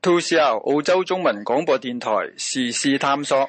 到時候，澳洲中文廣播電台時事探索。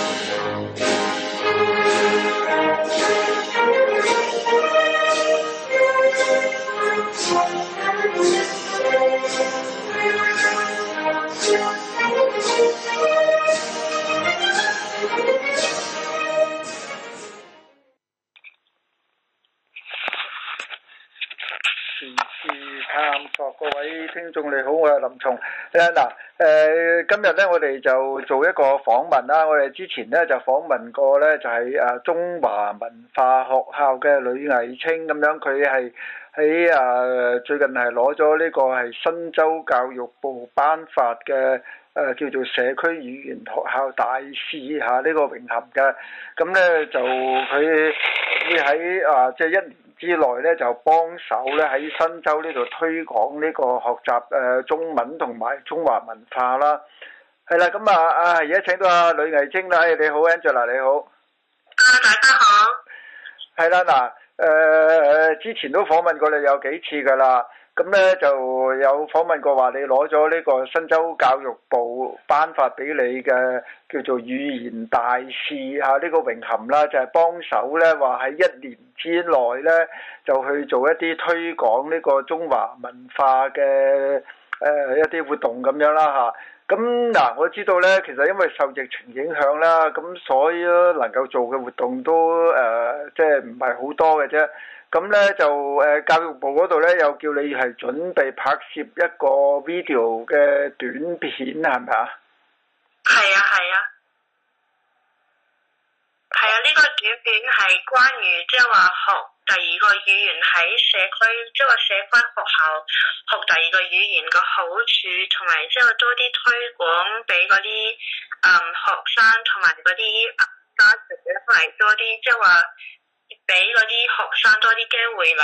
各位聽眾你好，我係林松。誒嗱，誒今日咧，我哋就做一個訪問啦。我哋之前咧就訪問過咧，就係誒中華文化學校嘅呂藝清。咁樣，佢係喺誒最近係攞咗呢個係新州教育部頒發嘅誒叫做社區語言學校大使嚇呢個榮銜嘅。咁咧就佢會喺誒即係一年。之內咧就幫手咧喺新州呢度推廣呢個學習誒中文同埋中華文化啦、啊，係啦，咁啊啊而家請到阿呂藝菁啦，你好 Angela 你好，啊大家好，係啦嗱誒之前都訪問過你有幾次噶啦。咁咧就有訪問過話你攞咗呢個新州教育部頒發俾你嘅叫做語言大使嚇呢個榮銜啦，就係、是、幫手咧，話喺一年之內咧就去做一啲推廣呢個中華文化嘅誒、呃、一啲活動咁樣啦、啊、嚇。咁、啊、嗱，我知道咧，其實因為受疫情影響啦，咁所以能夠做嘅活動都誒，即係唔係好多嘅啫。咁咧就誒教育部嗰度咧又叫你係準備拍攝一個 video 嘅短片係咪啊？係啊係啊，係啊！呢個短片係關於即係話學第二個語言喺社區，即係話社區學校學第二個語言嘅好處，同埋即係多啲推廣俾嗰啲嗯學生同埋嗰啲家庭，係多啲即係話。就是俾嗰啲學生多啲機會嚟，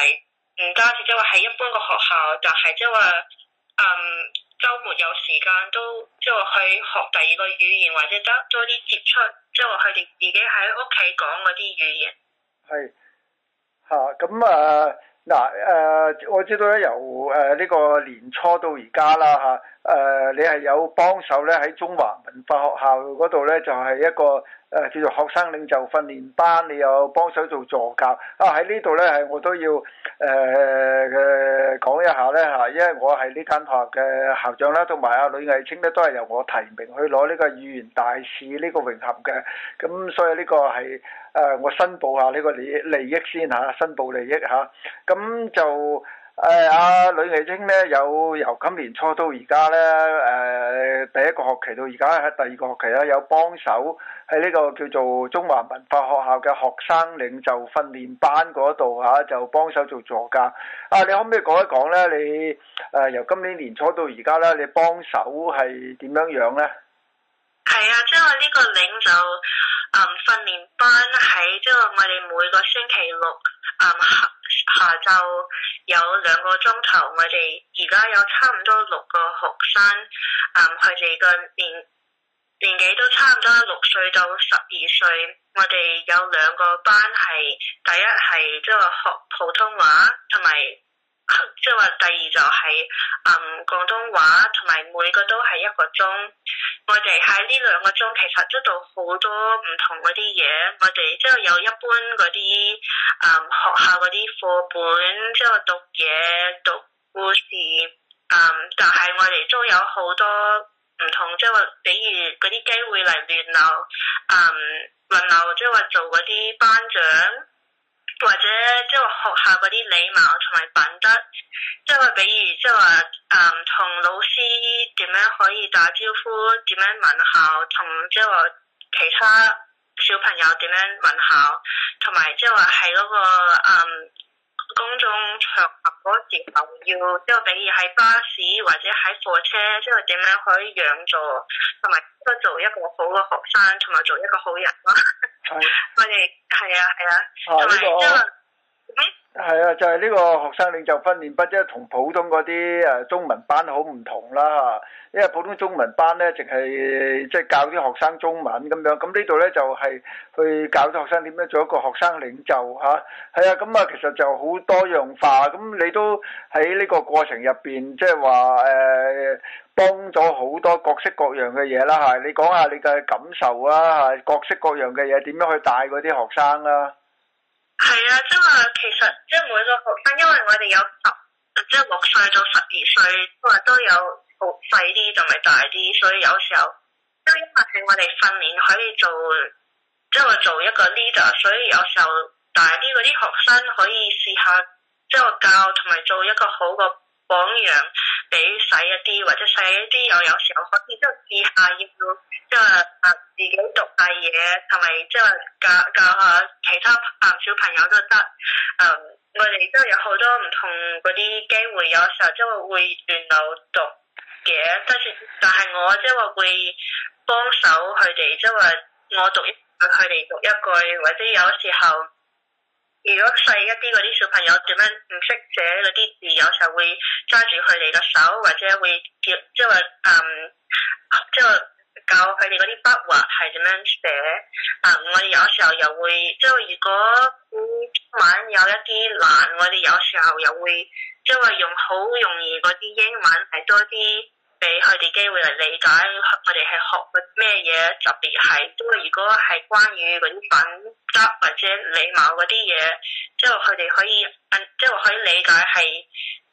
唔單止即係話喺一般個學校，但係即係話，嗯，週末有時間都即係話去學第二個語言，或者得多啲接觸，即係話佢哋自己喺屋企講嗰啲語言。係，嚇咁啊嗱誒、啊啊啊，我知道咧，由誒呢個年初到而家啦嚇，誒、啊、你係有幫手咧喺中華文化學校嗰度咧，就係一個。誒叫做學生領袖訓練班，你又幫手做助教啊！喺呢度呢，係我都要誒、呃呃、講一下呢。嚇，因為我係呢間學校嘅校長啦，同埋阿呂毅清呢，都係由我提名去攞呢個語言大使呢、呢個榮銜嘅。咁所以呢個係誒、啊、我申報下呢個利利益先嚇，申報利益嚇。咁、啊、就。誒，阿呂藝晶咧，有由今年初到而家咧，誒，第一個學期到而家喺第二個學期啦，有幫手喺呢個叫做中華文化學校嘅學生領袖訓練班嗰度吓，就幫手做助教。啊，你可唔可以講一講咧？你誒，由今年年初到而家啦，你幫手係點樣樣咧？係啊，即係呢個領袖。嗯，um, 訓練班喺即係我哋每個星期六，um, 下下晝有兩個鐘頭，我哋而家有差唔多六個學生，嗯，佢哋個年年紀都差唔多六歲到十二歲，我哋有兩個班係第一係即係學普通話同埋。即係話第二就係、是，嗯，廣東話同埋每個都係一個鐘。我哋喺呢兩個鐘，其實都到好多唔同嗰啲嘢。我哋即係有一般嗰啲，嗯，學校嗰啲課本，即、就、係、是、讀嘢、讀故事。嗯，但係我哋都有好多唔同，即係話，比如嗰啲機會嚟輪流，嗯，輪流即係話做嗰啲班長。或者即係話學校嗰啲禮貌同埋品德，即係話比如即係話，誒、嗯、同老師點樣可以打招呼，點樣問候，同即係話其他小朋友點樣問候，同埋即係話喺嗰個嗯，公眾場合嗰時候要，即係比如喺巴士或者喺貨車，即係點樣可以讓座，同埋做一個好嘅學生，同埋做一個好人咯。 嗯、我哋係啊係啊，同埋即係。係啊，就係呢個學生領袖訓練班，即係同普通嗰啲，誒中文班好唔同啦吓。因為普通中文班呢，淨係即係教啲學生中文咁樣。咁呢度呢，就係去教啲學生點樣做一個學生領袖吓。係啊，咁啊，其實就好多樣化。咁你都喺呢個過程入邊，即係話誒，幫咗好多各式各樣嘅嘢啦吓。你講下你嘅感受啊吓，各式各樣嘅嘢點樣去帶嗰啲學生啦。係啊，即係話其實即係、就是、每個學生，因為我哋有十，即、就、係、是、六歲到十二歲，都話都有好細啲同埋大啲，所以有時候，因為係我哋訓練可以做，即係話做一個 leader，所以有時候大啲啲學生可以試下，即、就、係、是、教同埋做一個好嘅。榜樣俾細一啲，或者細一啲又有時候可以即係試下要，即係啊自己讀下嘢，同埋即係教教下其他小朋友都得？嗯，我哋都有好多唔同嗰啲機會，有時候即係會輪流讀嘅，但係我即係會幫手佢哋，即係我讀一句佢哋讀一句，或者有時候。如果細一啲嗰啲小朋友點樣唔識寫嗰啲字，有時候會揸住佢哋個手，或者會教，即係話，嗯，即係教佢哋嗰啲筆畫係點樣寫。啊、嗯，我哋有時候又會，即係如果英文有一啲難，我哋有時候又會，即係話用好容易嗰啲英文係多啲。俾佢哋機會嚟理解，佢哋係學啲咩嘢，特別係，因為如果係關於嗰啲品德或者禮貌嗰啲嘢，即係佢哋可以，即係可以理解係，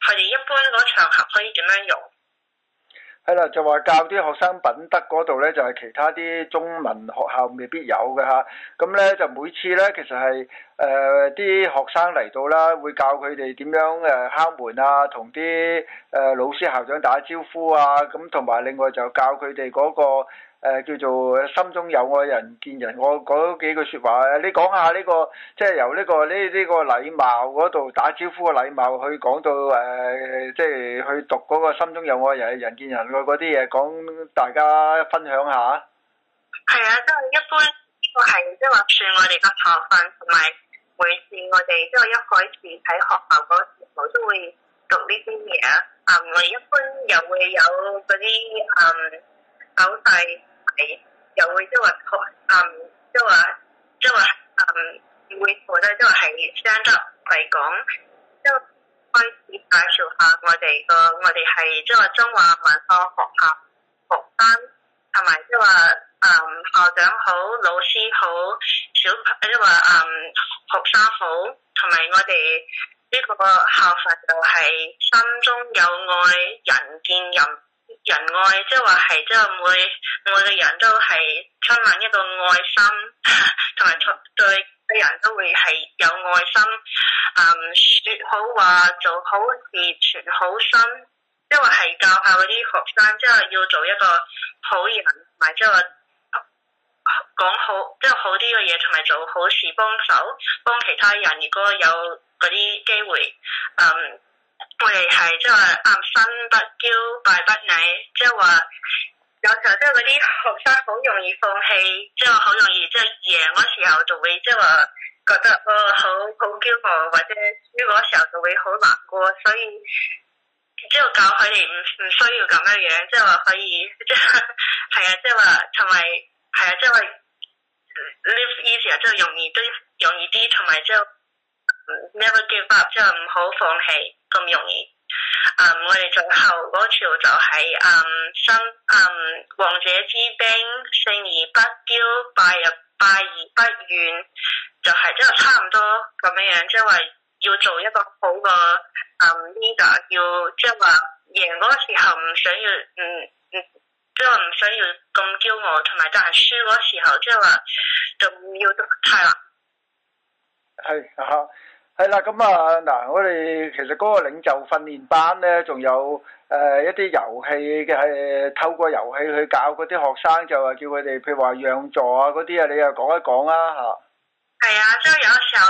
佢哋一般嗰場合可以點樣用。係啦，就話教啲學生品德嗰度咧，就係、是、其他啲中文學校未必有嘅吓。咁咧就每次咧，其實係誒啲學生嚟到啦，會教佢哋點樣誒敲門啊，同啲誒老師校長打招呼啊。咁同埋另外就教佢哋嗰個。誒、呃、叫做心中有愛人見人，我講咗幾句說話，你講下呢、這個即係、就是、由呢、這個呢呢、這個禮貌嗰度打招呼嘅禮貌去，去講到誒即係去讀嗰、那個心中有愛人，人見人愛嗰啲嘢，講大家分享下。係啊，即、就、係、是、一般呢個係即係話算我哋嘅學分，同埋每次我哋即係一開始喺學校嗰時候我都會讀呢啲嘢啊，同埋一般又會有嗰啲手勢。嗯誒又會即係話，嗯，即係話，即係話，嗯，會做得即係話係生得嚟講，即係開始介紹下我哋個，我哋係即係話中華文化學校學生，同埋即係話，嗯，校長好，老師好，小即係話，嗯，學生好，同埋我哋呢個校訓就係心中有愛，人見人。人愛即係話係，即係每每個人都係充滿一個愛心，同埋對對人都會係有愛心，嗯，說好話做好事，存好心，即係話係教下嗰啲學生，即係要做一個好人，同埋即係講好即係、就是、好啲嘅嘢，同埋做好事幫手幫其他人。如果有嗰啲機會，嗯。會係即係話，暗勝、 就是嗯、不驕，敗不餒，即係話有時候即係嗰啲學生好容易放棄，即係話好容易即係贏嗰時候就會即係話覺得，哦好好驕傲，或者輸嗰時候就會好難過，所以即係教佢哋唔唔需要咁樣樣，即係話可以，即係係啊，即係話同埋係啊，即係話 live easier，即係容易啲，容易啲同埋即係。never give up，即係唔好放棄咁容易。嗯、um，我哋最後嗰條就係嗯生嗯王者之兵，勝而不驕，敗入敗而不怨，就係即係差唔多咁樣樣，即係話要做一個好嘅嗯、um, leader，要即係話贏嗰個時候唔想要，嗯嗯，即係唔想要咁驕傲，同埋就係輸嗰個時候，即係話就唔要得。太難。係 啊樂。係啦，咁啊、嗯，嗱，我哋其實嗰個領袖訓練班咧，仲有誒、呃、一啲遊戲嘅，係透過遊戲去教嗰啲學生，就話叫佢哋譬如話讓座啊嗰啲啊，你又講一講啦吓。係啊，即、就、係、是、有時候，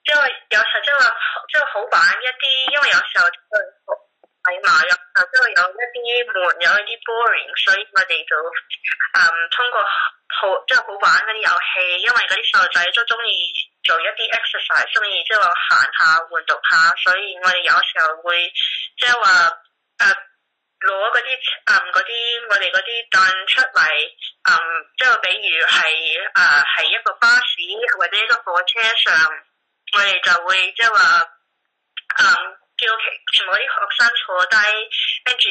即、就、係、是、有時即係即係好玩一啲，因為有時候禮貌，有時候即係有一啲悶，有一啲 boring，所以我哋就誒、嗯、通過好即係、就是、好玩嗰啲遊戲，因為嗰啲細路仔都中意。做一啲 exercise，中意即係話行下、換獨下，所以我哋有時候會即係話誒攞嗰啲誒嗰啲我哋嗰啲凳出嚟，誒即係比如係誒喺一個巴士或者一個火車上，我哋就會即係話誒叫其全部啲學生坐低，跟住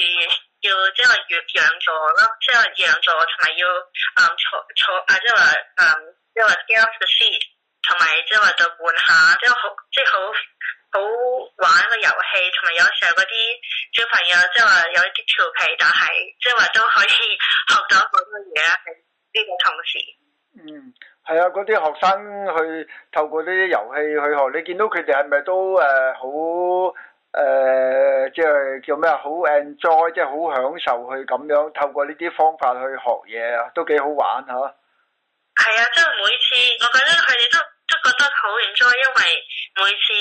要即係話讓讓座啦，即係讓座同埋要、嗯、坐坐啊，即係話誒即係話 get off the seat。同埋即係話就換下，即係好即係好好玩個遊戲。同埋有，有時候嗰啲小朋友即係話有啲調皮，但係即係話都可以學到好多嘢啦。係呢個同時，嗯，係啊，嗰啲學生去透過呢啲遊戲去學，你見到佢哋係咪都誒好誒，即、呃、係、呃就是、叫咩啊？好 enjoy，即係好享受去咁樣透過呢啲方法去學嘢啊，都幾好玩嗬。係啊，即、就、係、是、每次，我覺得佢哋都。覺得好 enjoy，因為每次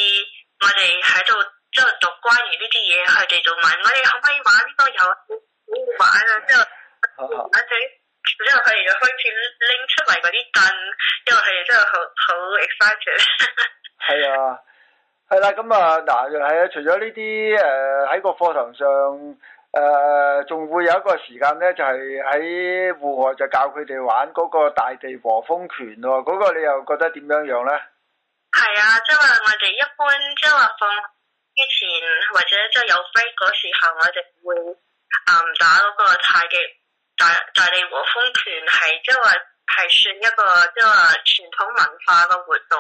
我哋喺度即係讀關於呢啲嘢，佢哋就問我哋可唔可以玩呢個遊？好好玩啊！之後，反正之後佢哋又開始拎出嚟嗰啲凳，因為佢哋真係好好 excited。係 ex 啊，係啦、啊，咁啊嗱，係啊，除咗呢啲誒喺個課堂上。誒，仲、呃、會有一個時間咧，就係喺戶外就教佢哋玩嗰個大地和風拳咯、哦，嗰、那個你又覺得點樣樣咧？係啊，即係話我哋一般，即係話放之前或者即係有飛嗰時候，我哋會啊、呃、打嗰個太極大大地和風拳，係即係話係算一個即係話傳統文化個活動，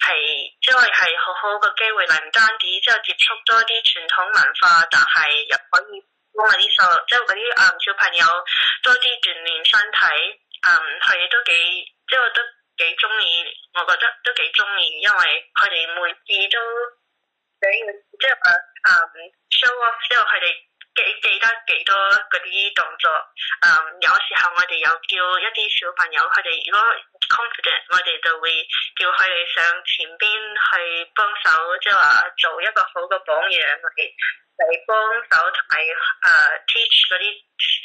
係即係話係好好個機會嚟，唔單止即係接觸多啲傳統文化，但係又可以。我咪啲秀，即係嗰啲誒小朋友多啲鍛煉身體，誒佢哋都幾，即係我都幾中意，我覺得都幾中意，因為佢哋每次都想要即係話誒 show off，即係佢哋記記得幾多嗰啲動作，誒、嗯、有時候我哋有叫一啲小朋友，佢哋如果 confident，我哋就會叫佢哋上前邊去幫手，即係話做一個好嘅榜樣嚟。嚟幫手同埋誒，teach 嗰啲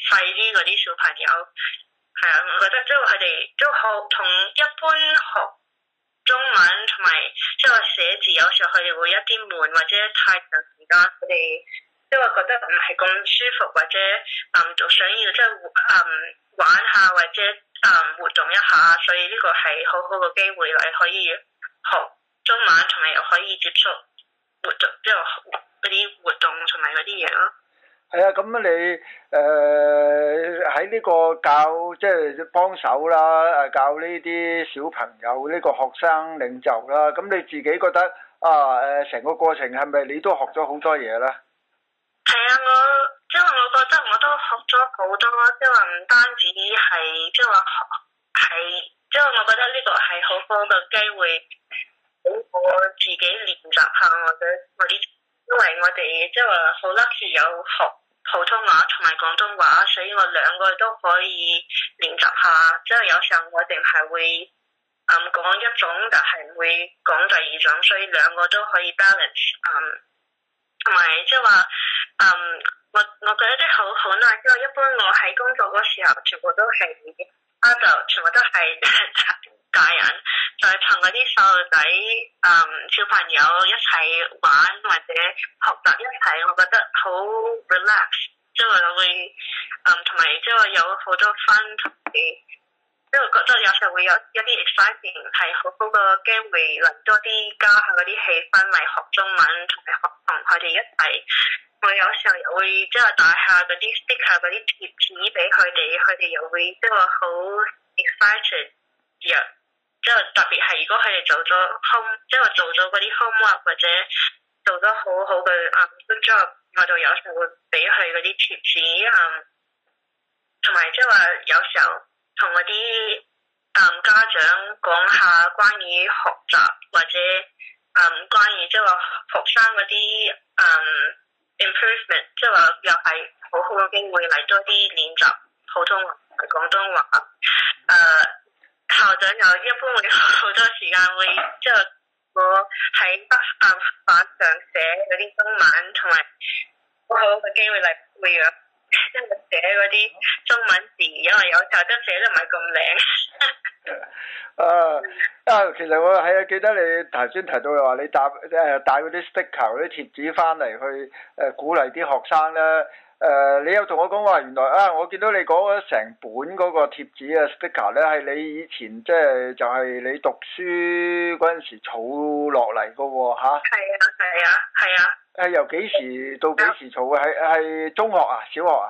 細啲嗰啲小朋友，係啊，我覺得即係話佢哋都學同一般學中文同埋即係話寫字，有時候佢哋會一啲悶或者太長時間，佢哋即係話覺得唔係咁舒服，或者誒仲、嗯、想要即係、就是嗯、玩下或者誒、嗯、活動一下，所以呢個係好好嘅機會嚟，你可以學中文同埋又可以接觸活動之後。即係話嗰啲活動同埋嗰啲嘢咯，係啊，咁你誒喺呢個教即係幫手啦，教呢啲小朋友呢、這個學生領袖啦，咁你自己覺得啊誒成個過程係咪你都學咗好多嘢咧？係啊，我即係、就是、我覺得我都學咗好多，即係話唔單止係即係話學係，即係、就是、我覺得呢個係好多嘅機會俾我自己練習下或者。啲。因為我哋即係話好 lucky 有學普通話同埋廣東話，所以我兩個都可以練習下。即係有時候我哋係會嗯講一種，但係唔會講第二種，所以兩個都可以 balance 嗯。同埋即係話嗯，我我覺得好好難，即係一般我喺工作時候，全部都係 adult 全部都係。 大人就係憑嗰啲細路仔，嗯，小朋友一齊玩或者學習一齊，我覺得好 relax，即係話會，嗯，同埋即係有好多 fun，即係覺得有時候會有一啲 exciting，係好好嘅機會能多啲加下嗰啲氣氛嚟學中文，同埋學同佢哋一齊，我有時候又會即係帶下嗰啲 sticker 嗰啲貼紙俾佢哋，佢哋又會即係、就、話、是、好 excited，yeah. 即係特別係，如果佢哋做咗 home，即係話做咗嗰啲 homework 或者做咗好好嘅啊 job 我就有時候會俾佢嗰啲貼士啊。同埋即係話有時候同嗰啲啊家長講下關於學習或者啊、um, 關於即係話學生嗰啲啊 improvement，即係話又係好好嘅機會嚟多啲練習普通話、廣東話啊。Uh, 校長又一般會好多時間會即係我喺白板上寫嗰啲中文，同埋好嘅機會嚟培養，即係寫嗰啲中文字，因為有時候真寫得唔係咁靚。啊啊，其實我係啊，記得你頭先提到又話你帶誒帶嗰啲 sticker 嗰啲貼紙翻嚟去誒鼓勵啲學生咧。誒，uh, 你有同我講話原來啊，我見到你講嗰成本嗰個貼紙啊，sticker 咧係你以前即係就係你讀書嗰陣時儲落嚟噶吓？係啊係啊係啊！係、啊啊啊啊、由幾時到幾時儲嘅？係係、啊、中學啊，小學啊？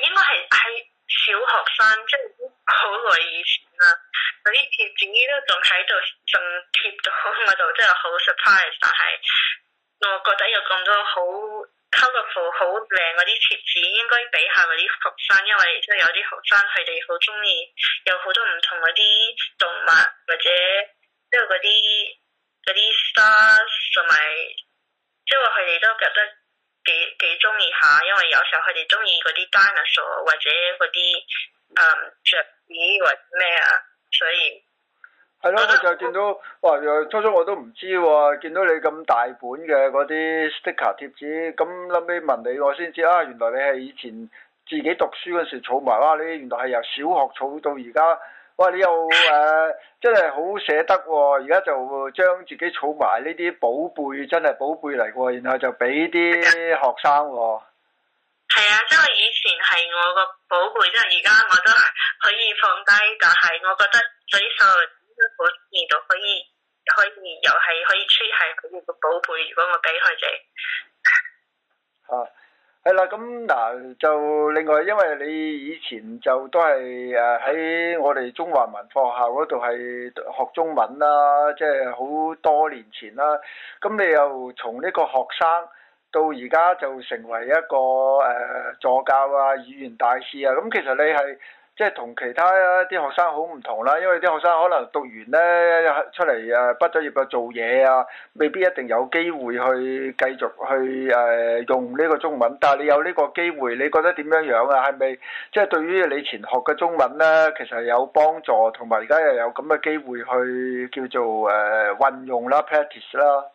應該係係小學生，即係好耐以前啦。嗰啲貼紙都仲喺度，仲貼到我度真係好 surprise。但係我覺得有咁多好。colorful 好靚嗰啲貼紙，應該俾下嗰啲學生，因為即係有啲學生佢哋好中意，有好多唔同嗰啲動物或者即係嗰啲嗰啲 stars 同埋，即係話佢哋都覺得幾幾中意下，因為有時候佢哋中意嗰啲 dinosaur 或者嗰啲誒雀魚或咩啊，所以。係咯，我就見到，哇、哦！初初我都唔知喎、哦，見到你咁大本嘅嗰啲 sticker 貼紙，咁諗起問你，我先知啊，原來你係以前自己讀書嗰時儲埋，哇、啊！你原來係由小學儲到而家，哇！你又誒、啊，真係好捨得喎、哦，而家就將自己儲埋呢啲寶貝，真係寶貝嚟喎，然後就俾啲學生喎、哦。係啊，即係以前係我個寶貝，即係而家我都可以放低，但係我覺得沮喪。可以，就可以，可以又係可以 treat 係佢哋個寶貝。如果我俾佢哋，啊，係啦，咁嗱就另外，因為你以前就都係誒喺我哋中華文化學校嗰度係學中文啦、啊，即係好多年前啦、啊。咁你又從呢個學生到而家就成為一個誒、呃、助教啊、語言大使啊，咁其實你係。即係同其他啲學生好唔同啦，因為啲學生可能讀完咧出嚟誒畢咗業啊做嘢啊，未必一定有機會去繼續去誒用呢個中文。但係你有呢個機會，你覺得點樣樣啊？係咪即係對於你前學嘅中文咧，其實有幫助，同埋而家又有咁嘅機會去叫做誒運用啦、practice 啦。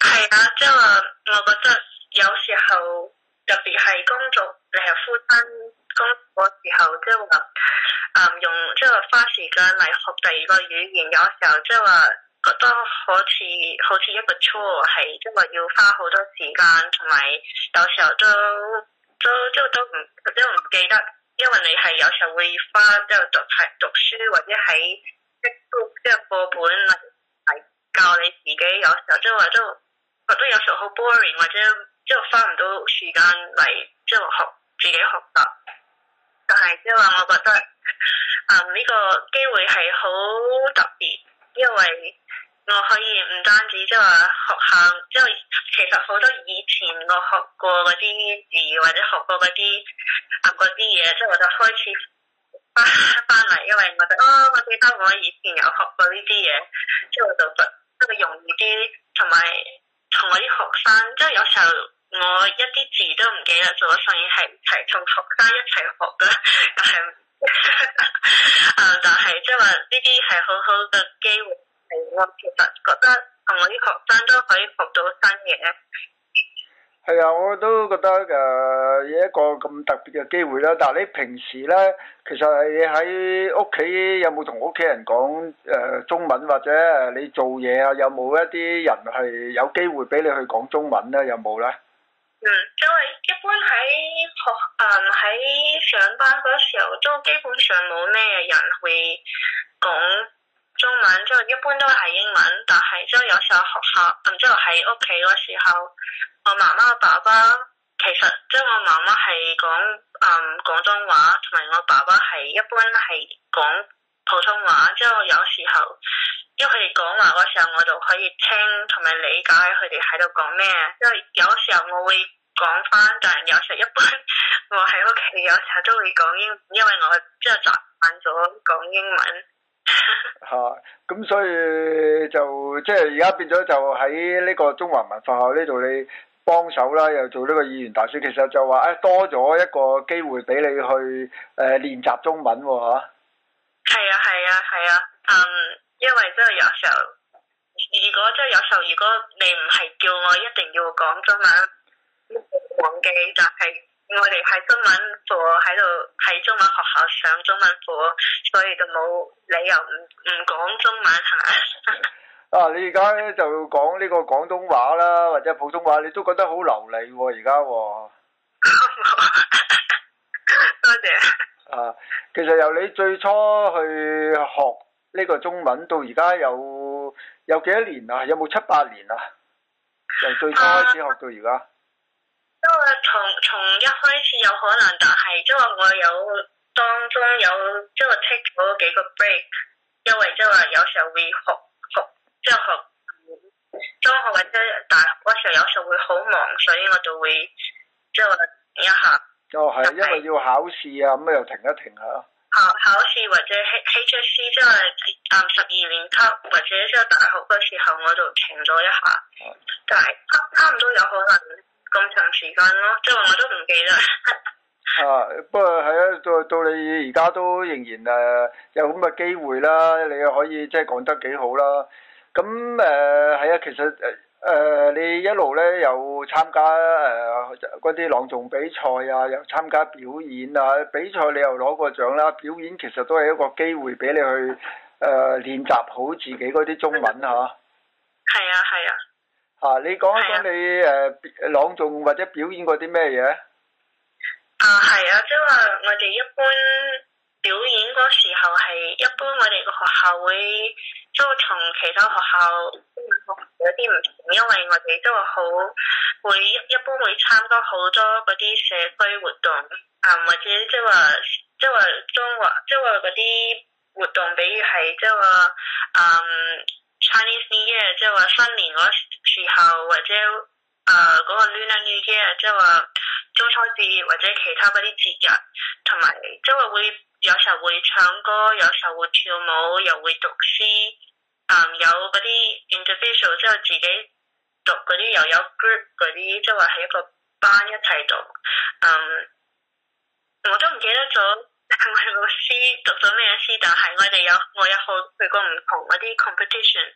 係啊，即係話我覺得有時候特別係工作，你係夫親。嗰時候即係話，誒、就是嗯、用即係話花時間嚟學第二個語言，有時候即係話覺得好似好似一個錯，係即係要花好多時間，同埋有，有時候都都即、就是、都唔即係唔記得，因為你係有時候會花即係、就是、讀題、讀書或者喺即係書即係課本嚟教你自己，有時候即係話都都覺得有時候好 boring，或者即係、就是、花唔到時間嚟即係學自己學習。但係即係話，我覺得啊呢個機會係好特別，因為我可以唔單止即係話學校，即係其實好多以前我學過嗰啲字或者學過嗰啲啊嗰啲嘢，即係我就開始翻翻嚟，因為我就哦我記得我以前有學過呢啲嘢，即係我就覺得容易啲，同埋同我啲學生，即係有時候。我一啲字都唔記得咗，所以係一同學生一齊學㗎。 但係，啊，但係即係話呢啲係好好嘅機會嚟㗎。我其實覺得同我啲學生都可以學到新嘢。係啊，我都覺得、呃、有一個咁特別嘅機會啦。但係你平時咧，其實係你喺屋企有冇同屋企人講誒中文，或者你做嘢啊，有冇一啲人係有機會俾你去講中文咧？有冇咧？嗯，因為一般喺學，嗯，喺上班嗰時候都基本上冇咩人會講中文，即係一般都係英文。但係即係有時候學校，嗯，即係喺屋企嗰時候，我媽媽爸爸其實即係我媽媽係講嗯廣東話，同埋我爸爸係一般係講普通話。即係有時候。因為佢哋講話嗰時候，我就可以聽同埋理解佢哋喺度講咩。因為有時候我會講翻，但係有時候一般我喺屋企，有時候都會講英文，因為我即係習慣咗講英文。吓、 啊，咁所以就即係而家變咗就喺呢個中華文化學校呢度，你幫手啦，又做呢個語言大使，其實就話誒多咗一個機會俾你去誒練習中文喎、哦、吓。係 啊係啊係啊，啊，嗯。因為真係有時候，如果真係有時候，如果你唔係叫我一定要講中文，忘記，但係我哋係中文課喺度喺中文學校上中文課，所以就冇理由唔唔講中文，係嘛？啊！你而家呢就講呢個廣東話啦，或者普通話，你都覺得好流利喎、啊！而家、啊、 多謝啊！其實由你最初去學。呢個中文到而家有有幾多年啊？有冇七八年啊？由最初開始學到而家。因為、啊就是、從從一開始有可能，但係即係話我有當中有即係我 take 咗幾個 break，因為即係話有時候會學學，即係學中學或者大學時候有時候會好忙，所以我就會即係話停一下。就係、哦啊、係因為要考試啊，咁又停一停下。考考試或者 HSC 之後，誒，十二年級或者即係大學嘅時候，我就停咗一下，就係差唔多有可能咁長時間咯，即係我都唔記得。啊，不過係啊，到到你而家都仍然誒有咁嘅機會啦，你又可以即係講得幾好啦。咁誒係啊，其實誒。誒、呃，你一路咧有參加誒嗰啲朗誦比賽啊，有參加表演啊，比賽你又攞過獎啦，表演其實都係一個機會俾你去誒、呃、練習好自己嗰啲中文嚇。係啊，係啊。嚇、啊啊啊！你講一講你誒朗誦或者表演過啲咩嘢？啊，係啊，即係話我哋一般。表演嗰時候係一般，我哋個學校會都同其他學校有啲唔同，因為我哋都話好會一般會參加好多嗰啲社區活動啊、嗯，或者即係話即係話中華即係話嗰啲活動，比如係即係話嗯 Chinese New Year，即係話新年嗰時候或者啊嗰、呃嗰個 Lunar New Year，即係話。中秋節或者其他嗰啲節日，同埋即係會有時候會唱歌，有時候會跳舞，又會讀詩。嗯，有嗰啲 individual 即係自己讀嗰啲，又有 group 嗰啲，即係話喺一個班一齊讀。嗯，我都唔記得咗我係老師讀咗咩詩，但係我哋有我有去過唔同嗰啲 competition。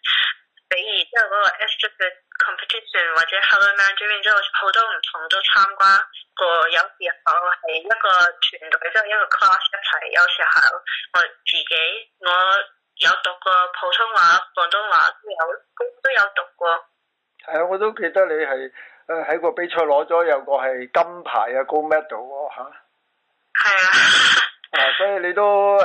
比如即係嗰個 S x 嘅 competition 或者 how to m a n d r e a m 之後好、就是、多唔同都參加過，有時候係一個團隊，即、就、係、是、一個 class 一齊，有時候我自己我有讀過普通話、廣東話都有，都都有讀過。係啊，我都記得你係誒喺個比賽攞咗有個係金牌啊 gold medal 吓。係啊。是啊， 啊，所以你都誒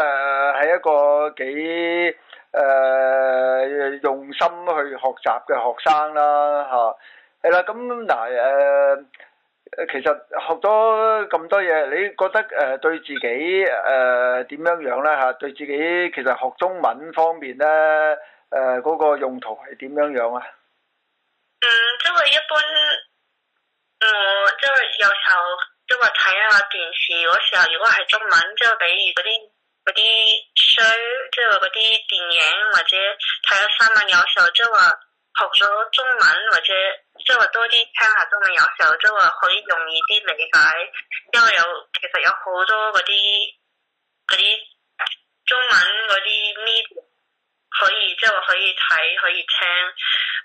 係一個幾。誒、呃、用心去學習嘅學生啦，嚇係啦。咁嗱誒，其實學咗咁多嘢，你覺得誒對自己誒點樣樣咧嚇？對自己、呃、點樣樣對自己其實學中文方面咧誒嗰個用途係點樣樣啊、嗯即係？嗯，即係一般，我即係有時候即係睇下電視嗰時候，如果係中文，即、就、係、係、比如嗰啲。嗰啲書，即係話嗰啲電影或者睇咗新聞，有時候即係話學咗中文或者即係話多啲聽下中文，有時候即係話可以容易啲理解，因為有其實有好多嗰啲嗰啲中文嗰啲咩可以即係話可以睇可以聽，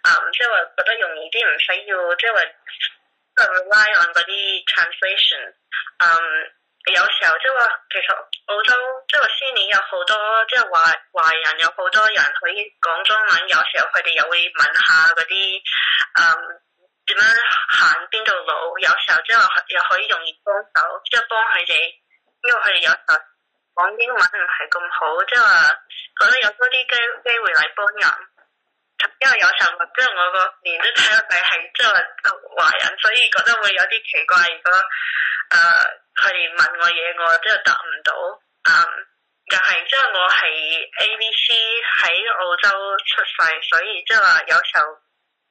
啊即係話覺得容易啲，唔使要即係話，啊、就是、rely on 啲 translation，嗯。有時候即係話，其實澳洲即係話，悉、就是、尼有好多即係華華人有好多人可以講中文。有時候佢哋又會問下嗰啲，嗯，點樣行邊度路？有時候即係、就是、又可以容易幫手，即係幫佢哋，因為佢哋有時候講英文唔係咁好，即係話覺得有多啲機機會嚟幫人。因為有時候即係、就是、我個年都睇到佢係即係話華人，所以覺得會有啲奇怪。如果，誒、呃。佢哋問我嘢，我即係答唔到。嗯、um，但係，即係我係 ABC 喺澳洲出世，所以即係話有時候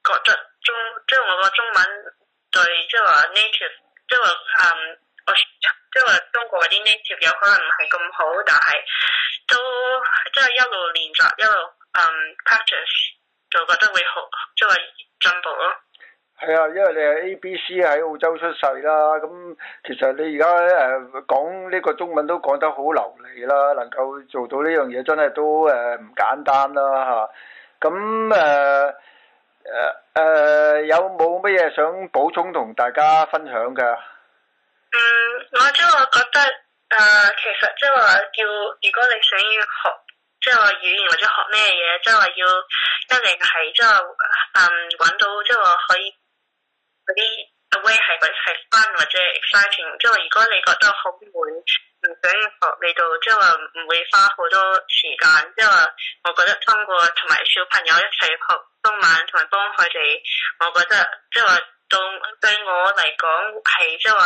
覺得中，即、就、係、是、我個中文對即係話 native，即係話嗯，就是 native, 就是 um, 我即係話中國嗰啲 native 有可能唔係咁好，但係都即係、就是、一路練習一路嗯、um, practice，就覺得會好即係、就是、進步咯。係啊，因為你係 A B C 喺澳洲出世啦，咁其實你而家誒講呢個中文都講得好流利啦，能夠做到呢樣嘢真係都誒唔簡單啦嚇。咁誒誒誒有冇乜嘢想補充同大家分享㗎？嗯，我即係我覺得誒、呃，其實即係話叫如果你想要學，即係話語言或者學咩嘢，即係話要一定係即係話嗯揾到即係話可以。啲 away 係咪係 fun 或者 exciting，即係話如果你覺得好悶，唔想學呢度，即係話唔會花好多時間。即係話我覺得通過同埋小朋友一齊學中文同埋幫佢哋，我覺得即係話到對我嚟講係即係話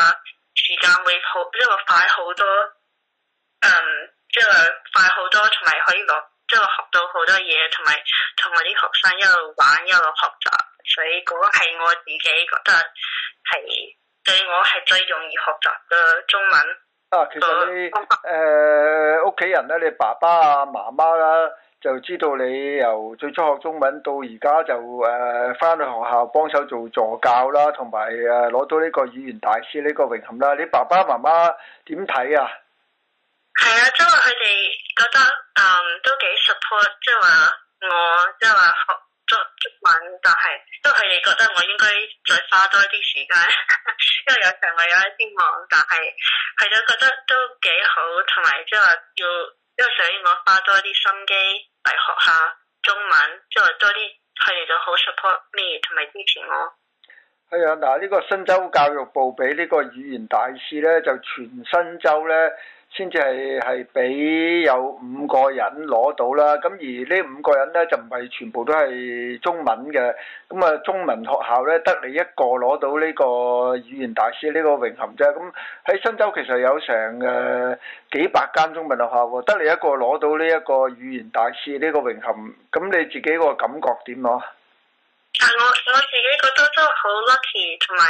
時間會好，即係快好多。嗯，即係話快好多，同埋可以學，即係話學到好多嘢，同埋同埋啲學生一路玩一路學習。所以嗰個係我自己覺得係對我係最容易學習嘅中文。啊，其實你誒屋企人咧，你爸爸啊、媽媽啦，就知道你由最初學中文到而家就誒翻去學校幫手做助教啦，同埋誒攞到呢個語言大使呢個榮幸啦。你爸爸媽媽點睇啊？係啊，即係佢哋覺得嗯都幾 support，即係話我即係話學。中中文，但係都係覺得我應該再花多啲時間， 因為有時我有一啲忙，但係係都覺得都幾好，同埋即係話要，因為想我花多啲心機嚟學下中文，即係話多啲，佢哋就好 support me 同埋支持我。係啊，嗱，呢個新州教育部俾呢個語言大使咧，就全新州咧，先至係係俾有五個人攞到啦，咁而呢五個人咧就唔係全部都係中文嘅，咁啊中文學校咧得你一個攞到呢個語言大使呢個榮幸啫。咁喺新州其實有成誒幾百間中文學校喎，得你一個攞到呢一個語言大使呢個榮幸，咁你自己個感覺點啊？但我我自己覺得都好 lucky，同埋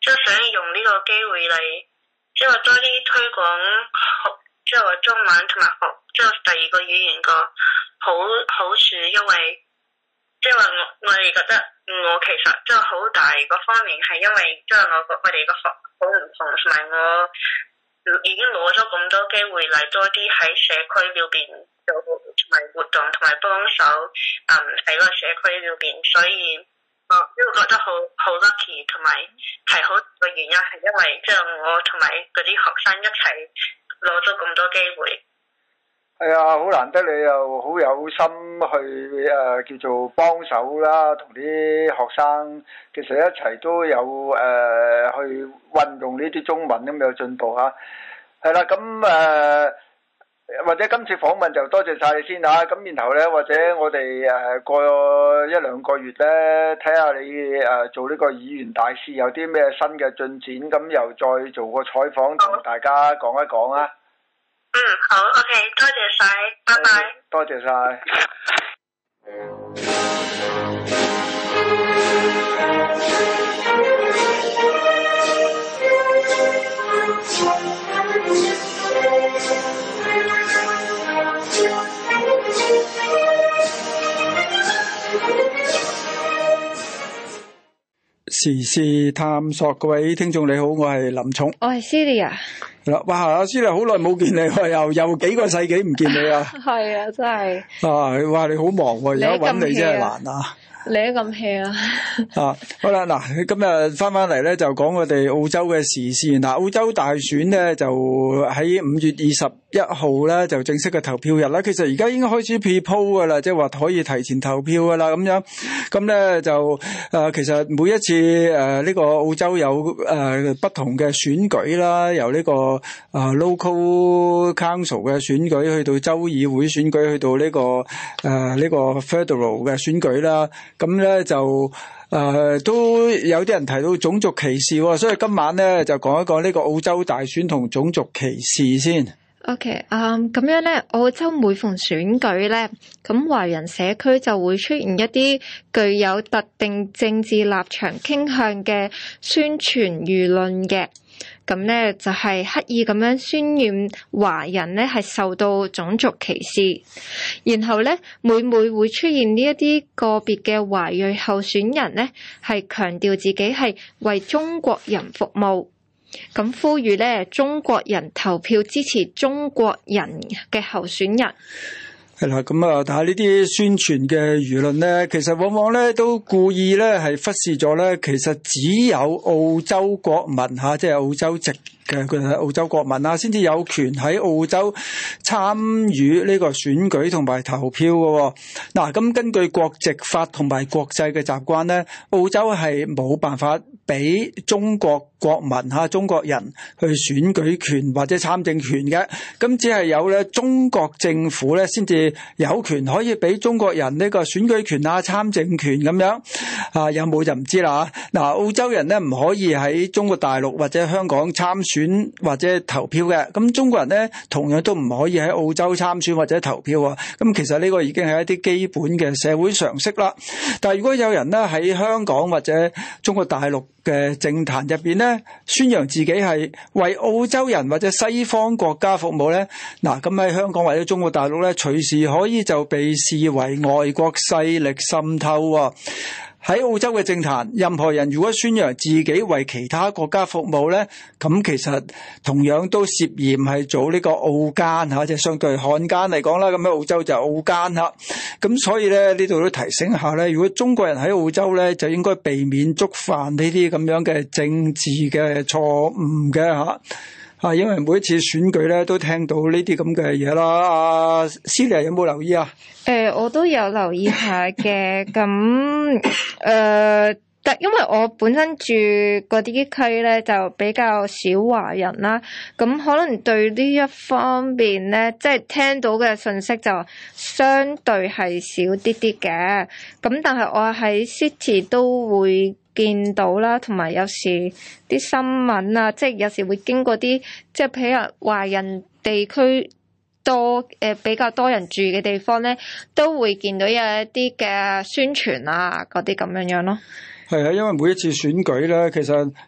即係想用呢個機會嚟。因為多啲推廣學，即係話中文同埋學即係第二個語言個好好處，因為即係話我我哋覺得我其實即係好大個方面係因為即係我覺我哋個學好唔同，同埋我已經攞咗咁多機會嚟多啲喺社區裏邊做同埋活動同埋幫手，嗯喺個社區裏邊，所以。因為覺得好好 lucky，同埋係好嘅原因係因為即係、就是、我同埋嗰啲學生一齊攞咗咁多機會。係啊，好難得你又好有心去誒、呃，叫做幫手啦，同啲學生其實一齊都有誒、呃、去運用呢啲中文咁有進步吓。係、啊、啦，咁誒。或者今次訪問就多謝晒你先嚇，啊，咁然後呢，或者我哋誒、呃、過一兩個月呢，睇下你誒、呃、做呢個語言大使有啲咩新嘅進展？咁又再做個採訪同好大家講一講啊。嗯，好，OK，多謝晒，拜拜。多謝晒。 時事探索，各位聽眾你好，我係林聰，我係是 Celia 嗱， 哇，阿 Celia 好耐冇見你，又又幾個世紀唔見你啊！係啊，真係。啊，哇，你好忙喎、啊，而家搵你真係難啊！你都咁 hea 啊！啊，好啦，嗱，今日翻翻嚟咧，就講我哋澳洲嘅時事。嗱、嗯，澳洲大選咧，就喺五月二十。一號咧就正式嘅投票日啦。其實而家已經開始 pre-poll 嘅啦，即係話可以提前投票嘅啦。咁樣咁咧就誒、呃，其實每一次誒呢、呃這個澳洲有誒、呃、不同嘅選舉啦，由呢、這個誒、呃、local council 嘅選舉，去到州議會選舉，去到呢、這個誒呢、呃這個 federal 嘅選舉啦。咁咧就誒、呃、都有啲人提到種族歧視喎，所以今晚咧就講一講呢個澳洲大選同種族歧視先。OK，嗯，咁樣咧，澳洲每逢選舉咧，咁華人社區就會出現一啲具有特定政治立場傾向嘅宣傳輿論嘅，咁咧就係、是、刻意咁樣宣揚華人咧係受到種族歧視，然後咧每每會出現呢一啲個別嘅華裔候選人咧係強調自己係為中國人服務。咁呼籲咧，中國人投票支持中國人嘅候選人係啦。咁啊，但係呢啲宣傳嘅輿論咧，其實往往咧都故意咧係忽視咗咧。其實只有澳洲國民吓，即係澳洲籍嘅澳洲國民啊，先至有權喺澳洲參與呢個選舉同埋投票嘅。嗱，咁根據國籍法同埋國際嘅習慣咧，澳洲係冇辦法。俾中國國民嚇中國人去選舉權或者參政權嘅，咁只係有咧中國政府咧先至有權可以俾中國人呢個選舉權啊參政權咁樣嚇，有冇就唔知啦嚇。嗱，澳洲人咧唔可以喺中國大陸或者香港參選或者投票嘅，咁中國人咧同樣都唔可以喺澳洲參選或者投票啊。咁其實呢個已經係一啲基本嘅社會常識啦。但係如果有人咧喺香港或者中國大陸，嘅政壇入邊咧，宣揚自己係為澳洲人或者西方國家服務咧，嗱咁喺香港或者中國大陸咧，隨時可以就被視為外國勢力滲透啊。喺澳洲嘅政壇，任何人如果宣揚自己為其他國家服務咧，咁其實同樣都涉嫌係做呢個澳奸，吓，即係相對漢奸嚟講啦。咁喺澳洲就澳奸吓，咁所以咧，呢度都提醒下咧，如果中國人喺澳洲咧就應該避免觸犯呢啲咁樣嘅政治嘅錯誤嘅吓。啊，因為每次選舉咧，都聽到呢啲咁嘅嘢啦。啊，Celia 有冇留意啊？誒、呃，我都有留意下嘅。咁誒、 呃，但因為我本身住嗰啲區咧，就比較少華人啦。咁可能對呢一方面咧，即係聽到嘅信息就相對係少啲啲嘅。咁但係我喺 City 都會，見到啦，同埋有，有時啲新聞啊，即係有時會經過啲，即係譬如話華人地區多，誒比較多人住嘅地方咧，都會見到有一啲嘅宣傳啊，嗰啲咁樣樣咯。係啊，因為每一次選舉咧，其實～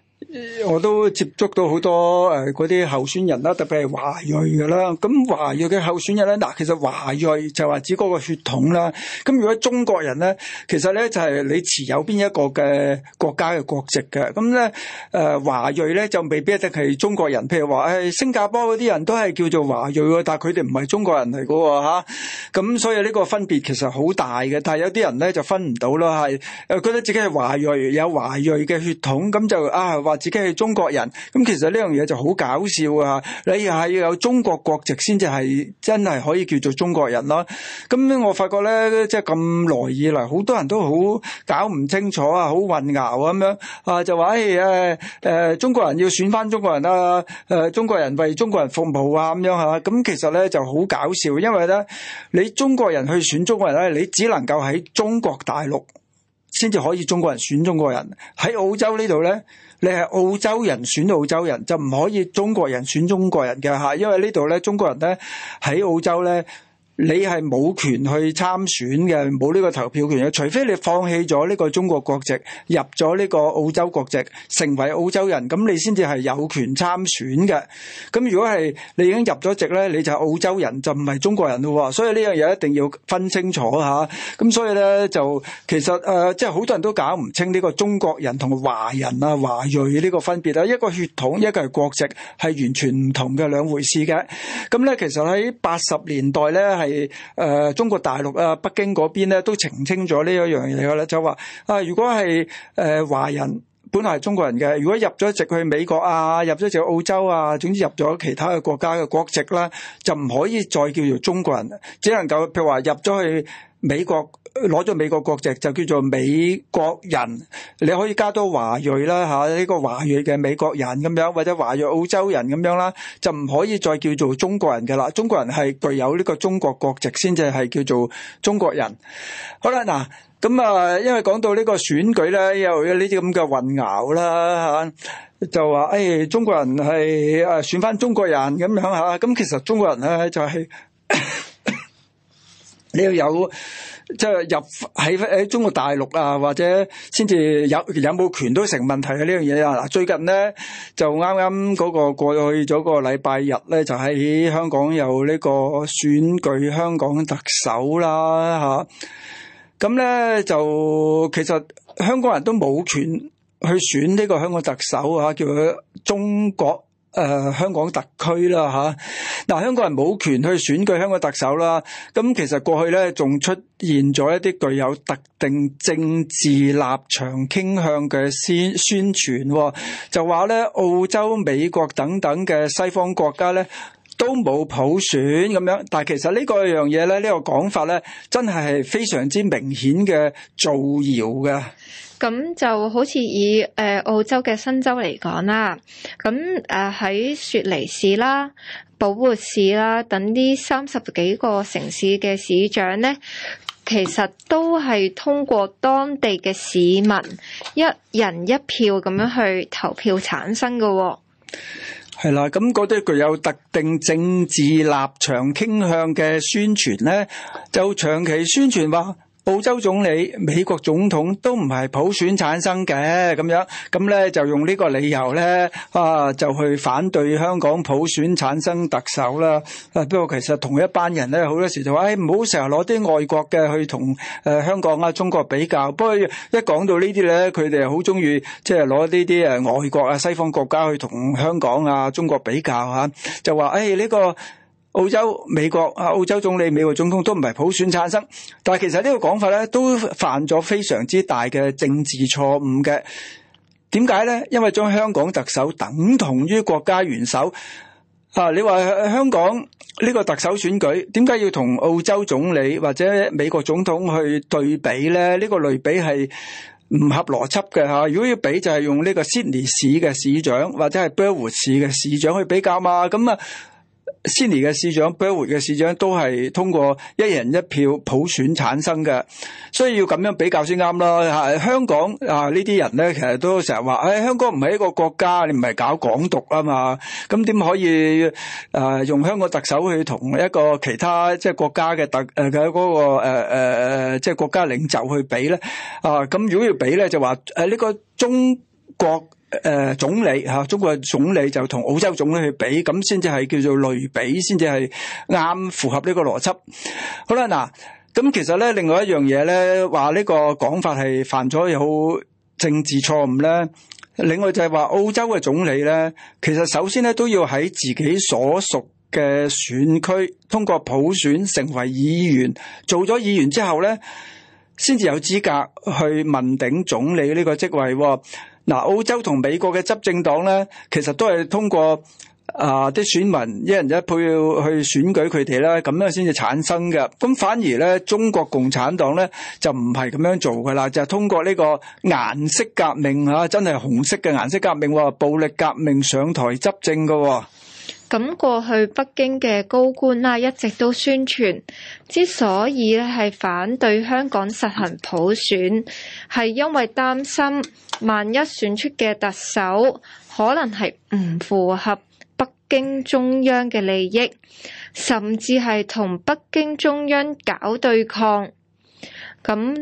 我都接觸到好多誒嗰啲候選人啦，特別係華裔嘅啦。咁華裔嘅候選人咧，嗱其實華裔就話指嗰個血統啦。咁如果中國人咧，其實咧就係、是、你持有邊一個嘅國家嘅國籍嘅。咁咧誒華裔咧就未必一定係中國人。譬如話誒、哎，新加坡嗰啲人都係叫做華裔喎，但係佢哋唔係中國人嚟嘅喎嚇。咁所以呢個分別其實好大嘅，但係有啲人咧就分唔到咯，係誒、呃、覺得自己係華裔，有華裔嘅血統，咁就啊話，自己係中國人，咁其實呢樣嘢就好搞笑啊！你係要有中國國籍先至係真係可以叫做中國人咯。咁咧，我發覺咧，即係咁耐以嚟，好多人都好搞唔清楚啊，好混淆啊咁樣啊，就話誒誒，中國人要選翻中國人啊，誒、呃、中國人為中國人服務啊咁樣嚇。咁其實咧就好搞笑，因為咧，你中國人去選中國人咧，你只能夠喺中國大陸先至可以中國人選中國人，喺澳洲呢度咧。你係澳洲人選澳洲人，就唔可以中國人選中國人嘅吓，因為呢度咧，中國人咧喺澳洲咧。你係冇權去參選嘅，冇呢個投票權嘅，除非你放棄咗呢個中國國籍，入咗呢個澳洲國籍，成為澳洲人，咁你先至係有權參選嘅。咁如果係你已經入咗籍咧，你就係澳洲人就唔係中國人咯喎，所以呢樣嘢一定要分清楚吓。咁所以咧就其實誒、呃，即係好多人都搞唔清呢個中國人同華人啊、華裔呢個分別啊，一個血統，一個係國籍，係完全唔同嘅兩回事嘅。咁咧，其實喺八十年代咧。係誒、呃，中國大陸啊，北京嗰邊咧都澄清咗呢一樣嘢嘅咧，就話、是、啊，如果係誒華人本來係中國人嘅，如果入咗籍去美國啊，入咗籍澳洲啊，總之入咗其他嘅國家嘅國籍啦、啊，就唔可以再叫做中國人，只能夠譬如話入咗去美國。攞咗美國國籍，就叫做美國人，你可以加多華裔啦吓，呢個華裔嘅美國人咁樣，或者華裔澳洲人咁樣啦，就唔可以再叫做中國人噶啦。中國人係具有呢個中國國籍先至係叫做中國人。好啦，嗱，咁啊，因為講到呢個選舉咧，又有呢啲咁嘅混淆啦吓，就話誒，中國人係啊選翻中國人咁樣吓，咁其實中國人咧就係你要有。即係入喺喺中國大陸啊，或者先至有有冇權都成問題嘅呢樣嘢啊！最近咧就啱啱嗰個過去咗個禮拜日咧，就喺香港有呢個選舉香港特首啦嚇。咁、啊、咧、嗯、就其實香港人都冇權去選呢個香港特首啊，叫佢中國。誒、呃、香港特區啦嚇，嗱、啊、香港人冇權去選舉香港特首啦。咁、嗯、其實過去咧，仲出現咗一啲具有特定政治立場傾向嘅宣宣傳、哦，就話咧澳洲、美國等等嘅西方國家咧都冇普選咁樣。但係其實呢個樣嘢咧，這個、呢個講法咧，真係係非常之明顯嘅造謠嘅。咁就好似以誒、呃、澳洲嘅新州嚟講啦，咁誒喺雪梨市啦、寶活市啦等呢三十幾個城市嘅市長咧，其實都係通過當地嘅市民一人一票咁樣去投票產生嘅喎、哦。係啦，咁嗰啲具有特定政治立場傾向嘅宣傳咧，就長期宣傳話，澳洲總理、美國總統都唔係普選產生嘅，咁樣咁咧就用呢個理由咧啊，就去反對香港普選產生特首啦。啊，不過其實同一班人咧，好多時就話：誒唔好成日攞啲外國嘅去同誒、啊、香港啊、中國比較。不過一講到呢啲咧，佢哋好中意即係攞呢啲誒外國啊、西方國家去同香港啊、中國比較嚇、啊，就話誒呢個。澳洲、美國啊，澳洲總理、美國總統都唔係普選產生，但係其實呢個講法咧都犯咗非常之大嘅政治錯誤嘅。點解咧？因為將香港特首等同於國家元首啊！你話香港呢個特首選舉點解要同澳洲總理或者美國總統去對比咧？呢個類比係唔合邏輯嘅嚇、啊。如果要比，就係用呢個悉尼市嘅市長或者係卑湖市嘅市長去比較嘛，咁啊～悉尼嘅市長、布沃嘅市長都係通過一人一票普選產生嘅，所以要咁樣比較先啱啦。吓，香港啊呢啲人咧，其實都成日話，誒、哎，香港唔係一個國家，你唔係搞港獨啊嘛，咁點可以誒、啊、用香港特首去同一個其他即係、就是、國家嘅特誒嘅、啊那個誒誒誒即係國家領袖去比咧？啊，咁如果要比咧，就話誒呢個中國。誒、呃，總理吓、啊，中國嘅總理就同澳洲總理去比，咁先至係叫做類比，先至係啱符合呢個邏輯。好啦，嗱，咁其實咧，另外一樣嘢咧，話呢個講法係犯咗好政治錯誤咧。另外就係話澳洲嘅總理咧，其實首先咧都要喺自己所屬嘅選區通過普選成為議員，做咗議員之後咧，先至有資格去問鼎總理呢個職位。哦。嗱、啊，澳洲同美國嘅執政黨咧，其實都係通過啊啲、呃、選民一人一票去選舉佢哋啦，咁樣先至產生嘅。咁反而咧，中國共產黨咧就唔係咁樣做嘅啦，就係、是、通過呢個顏色革命嚇、啊，真係紅色嘅顏色革命喎、哦，暴力革命上台執政嘅喎、哦。咁過去北京嘅高官啦，一直都宣傳，之所以咧係反對香港實行普選，係因為擔心萬一選出嘅特首可能係唔符合北京中央嘅利益，甚至係同北京中央搞對抗。咁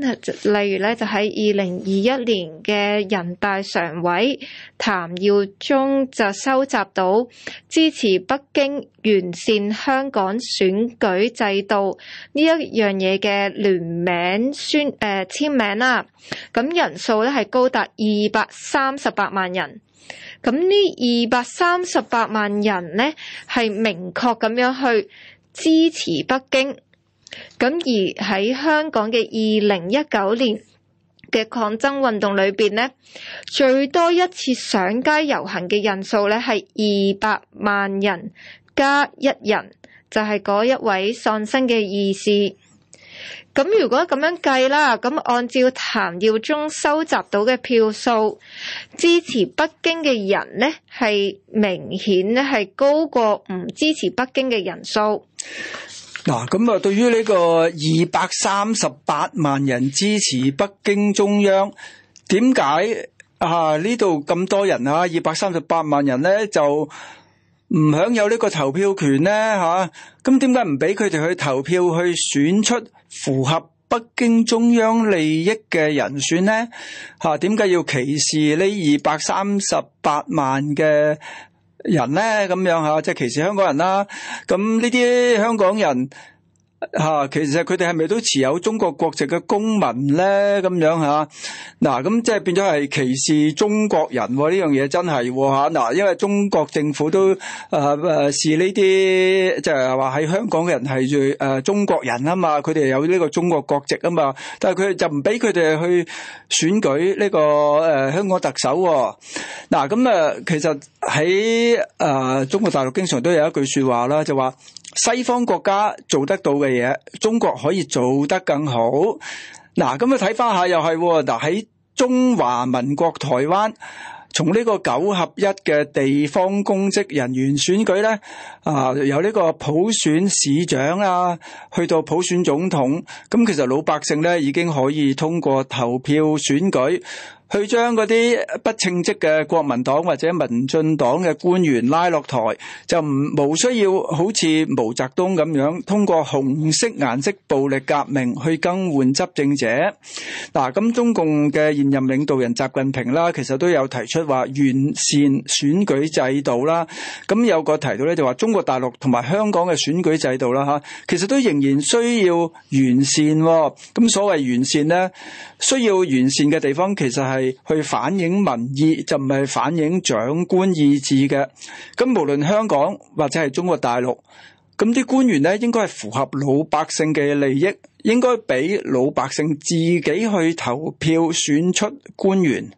例如咧，就喺二零二一年嘅人大常委譚耀宗就收集到支持北京完善香港選舉制度呢一樣嘢嘅聯名宣誒簽、呃、名啦。咁人數咧係高達二百三十八萬人。咁呢二百三十八萬人呢，係明確咁樣去支持北京。咁而喺香港嘅二零一九年嘅抗爭運動裏邊呢，最多一次上街遊行嘅人數呢係二百萬人加一人，就係、是、嗰一位喪生嘅義士。咁、嗯、如果咁樣計啦，咁、嗯、按照譚耀宗收集到嘅票數，支持北京嘅人呢係明顯呢係高過唔支持北京嘅人數。嗱，咁啊，對於呢個二百三十八萬人支持北京中央，點解啊呢度咁多人啊？二百三十八萬人咧就唔享有呢個投票權咧，吓、啊？咁點解唔俾佢哋去投票去選出符合北京中央利益嘅人選咧？吓、啊，點解要歧視呢二百三十八萬嘅？人咧咁樣吓，即係歧視香港人啦。咁呢啲香港人。吓、啊，其實佢哋係咪都持有中國國籍嘅公民咧？咁樣吓，嗱、啊，咁即係變咗係歧視中國人呢樣嘢，這個、真係吓、哦。嗱、啊，因為中國政府都誒誒、呃、視呢啲即係話喺香港嘅人係最誒中國人啊嘛，佢哋有呢個中國國籍啊嘛，但係佢就唔俾佢哋去選舉呢、這個誒、呃、香港特首、哦。嗱、啊，咁啊，其實喺誒、呃、中國大陸經常都有一句說話啦，就話。西方國家做得到嘅嘢，中國可以做得更好。嗱、啊，咁樣睇翻下又係嗱喺中華民國台灣，從呢個九合一嘅地方公職人員選舉咧，啊由呢個普選市長啊，去到普選總統，咁、啊、其實老百姓咧已經可以通過投票選舉，去將嗰啲不稱職嘅國民黨或者民進黨嘅官員拉落台，就唔無需要好似毛澤東咁樣通過紅色顏色暴力革命去更換執政者。嗱、啊，咁中共嘅現任領導人習近平啦，其實都有提出話完善選舉制度啦。咁有個提到咧，就話中國大陸同埋香港嘅選舉制度啦，吓、啊，其實都仍然需要完善、哦。咁所謂完善呢，需要完善嘅地方其實係。去反映民意，就唔係反映長官意志嘅。咁無論香港或者係中國大陸，咁啲官員呢應該係符合老百姓嘅利益，應該俾老百姓自己去投票選出官員。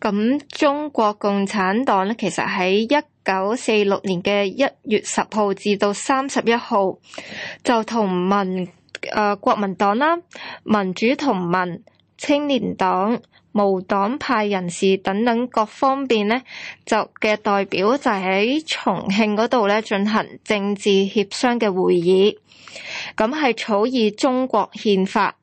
咁中國共產黨呢，其實喺一九四六年嘅一月十號至到三十一號，就同民誒國民黨啦、民主同盟、青年黨。無黨派人士等等，各方面呢，就嘅代表就喺重慶嗰度呢進行政治協商嘅會議。咁係草擬中國憲法，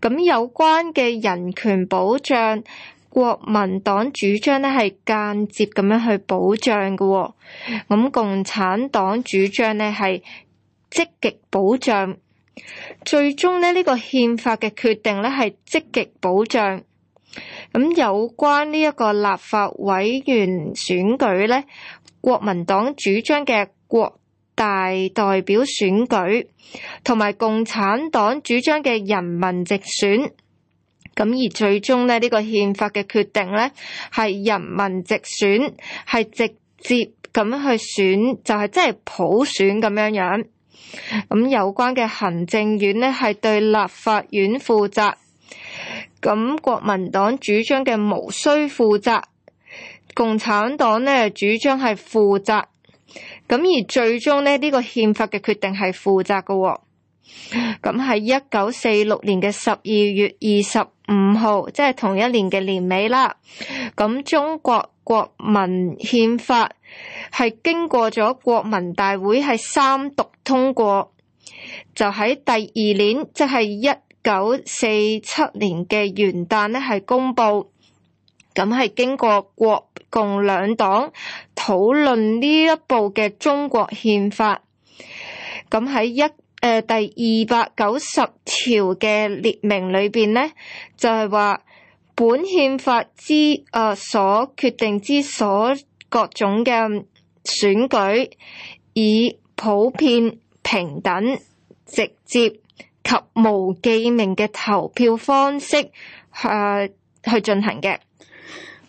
咁有關嘅人權保障，國民黨主張呢係間接咁樣去保障嘅，哦。咁共產黨主張呢係積極保障，最終呢，呢、呢個憲法嘅決定呢係積極保障。咁、嗯、有關呢一個立法委員選舉呢，國民黨主張嘅國大代表選舉，同埋共產黨主張嘅人民直選。咁、嗯、而最終呢，呢、呢個憲法嘅決定呢，係人民直選，係直接咁去選，就係即係普選咁樣樣。咁、嗯、有關嘅行政院呢，係對立法院負責。咁國民黨主張嘅無需負責，共產黨呢主張係負責。咁而最終呢，呢個憲法嘅決定係負責嘅。咁喺一九四六年嘅十二月二十五號，即係同一年嘅年尾啦。咁中國國民憲法係經過咗國民大會係三讀通過，就喺第二年，即係一。九四七年嘅元旦呢，係公布，咁係經過國共兩黨討論呢一部嘅中國憲法。咁喺一誒、呃、第二百九十條嘅列明裏邊呢，就係、是、話本憲法之誒、呃、所決定之所各種嘅選舉以普遍平等直接。及無記名嘅投票方式，去進行嘅。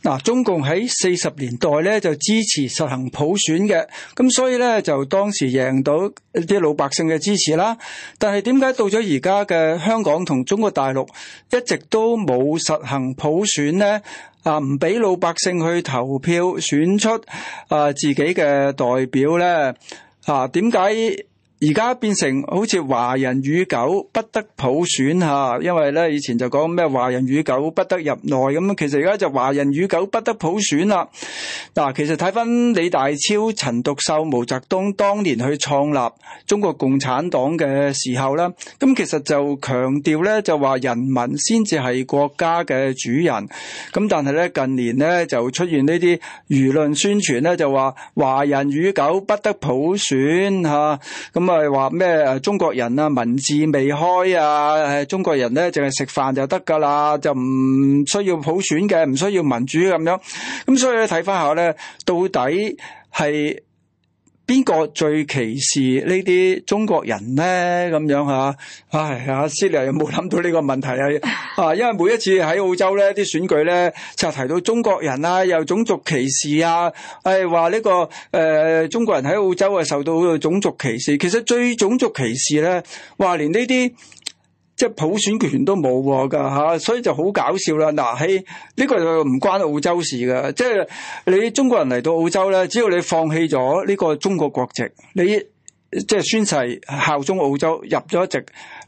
嗱、啊，中共喺四十年代咧就支持實行普選嘅，咁所以咧就當時贏到一啲老百姓嘅支持啦。但係點解到咗而家嘅香港同中國大陸一直都冇實行普選呢？啊，唔俾老百姓去投票選出啊自己嘅代表咧？啊，點解？而家變成好似華人與狗不得普選吓，因為咧以前就講咩華人與狗不得入內咁，其實而家就華人與狗不得普選啦。嗱，其實睇翻李大釗、陳獨秀、毛澤東當年去創立中國共產黨嘅時候咧，咁其實就強調咧就話人民先至係國家嘅主人。咁但係咧近年咧就出現呢啲輿論宣傳咧就話華人與狗不得普選吓，咁。咁咪話咩？中國人啊，文字未開啊，誒，中國人咧淨係食飯就得噶啦，就唔需要普選嘅，唔需要民主咁樣。咁、嗯、所以咧睇翻下咧，到底係。邊個最歧視呢啲中國人咧？咁樣嚇，唉，阿 Sir 又冇諗到呢個問題啊！啊，因為每一次喺澳洲咧，啲選舉咧就提到中國人啦、啊，又種族歧視啊，誒話呢個誒、呃、中國人喺澳洲啊受到種族歧視。其實最種族歧視咧，話連呢啲。即係普選權都冇㗎吓，所以就好搞笑啦！嗱，喺呢個就唔關澳洲事㗎，即係你中國人嚟到澳洲咧，只要你放棄咗呢個中國國籍，你即係宣誓效忠澳洲，入咗籍，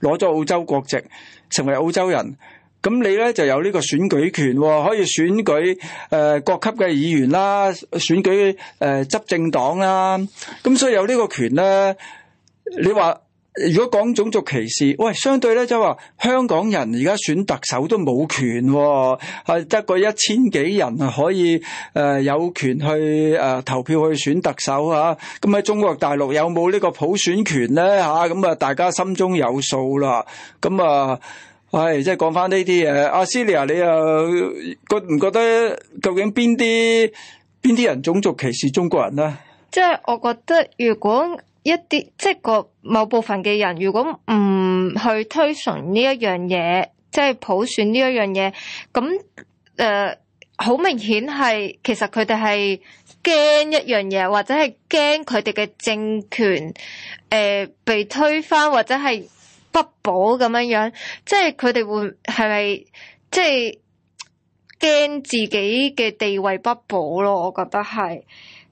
攞咗澳洲國籍，成為澳洲人，咁你咧就有呢個選舉權，可以選舉誒國級嘅議員啦，選舉誒執政黨啦，咁所以有呢個權咧，你話？如果講種族歧視，喂，相對咧就話香港人而家選特首都冇權喎、哦，係得個一千幾人可以誒、呃、有權去誒、呃、投票去選特首嚇、啊。咁、啊、喺中國大陸有冇呢個普選權咧嚇？咁啊，大家心中有數啦。咁啊，係即係講返呢啲嘢。阿、就是啊、Celia，你又、啊、覺唔覺得究竟邊啲邊啲人種族歧視中國人咧？即係我覺得，如果一啲即係個某部分嘅人，如果唔去推崇呢一樣嘢，即係普選呢一樣嘢，咁誒好明顯係其實佢哋係驚一樣嘢，或者係驚佢哋嘅政權誒、呃、被推翻，或者係不保咁樣樣，即係佢哋會係咪即係驚自己嘅地位不保咯？我覺得係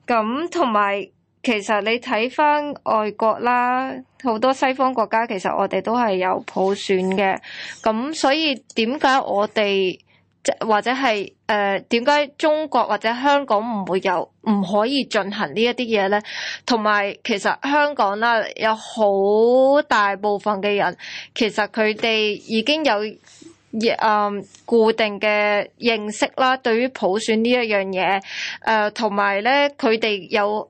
咁，同埋。其實你睇翻外國啦，好多西方國家其實我哋都係有普選嘅，咁所以點解我哋或者係誒點解中國或者香港唔會有，唔可以進行呢一啲嘢咧？同埋其實香港啦，有好大部分嘅人其實佢哋已經有誒、嗯、固定嘅認識啦，對於普選、呃、呢一樣嘢誒，同埋咧佢哋有。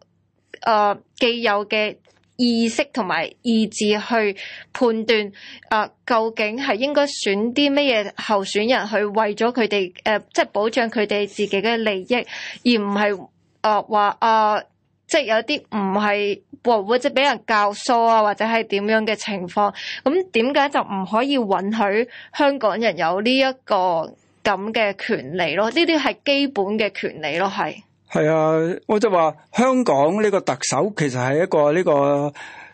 誒、呃、既有嘅意識同埋意志去判斷誒、呃、究竟係應該選啲乜嘢候選人去為咗佢哋誒，即係保障佢哋自己嘅利益，而唔係誒話誒，即係有啲唔係或或者俾人教唆啊，或者係點樣嘅情況？咁點解就唔可以允許香港人有呢一個咁嘅權利咯？呢啲係基本嘅權利咯，係。係啊，我就話香港呢個特首其實係一個呢個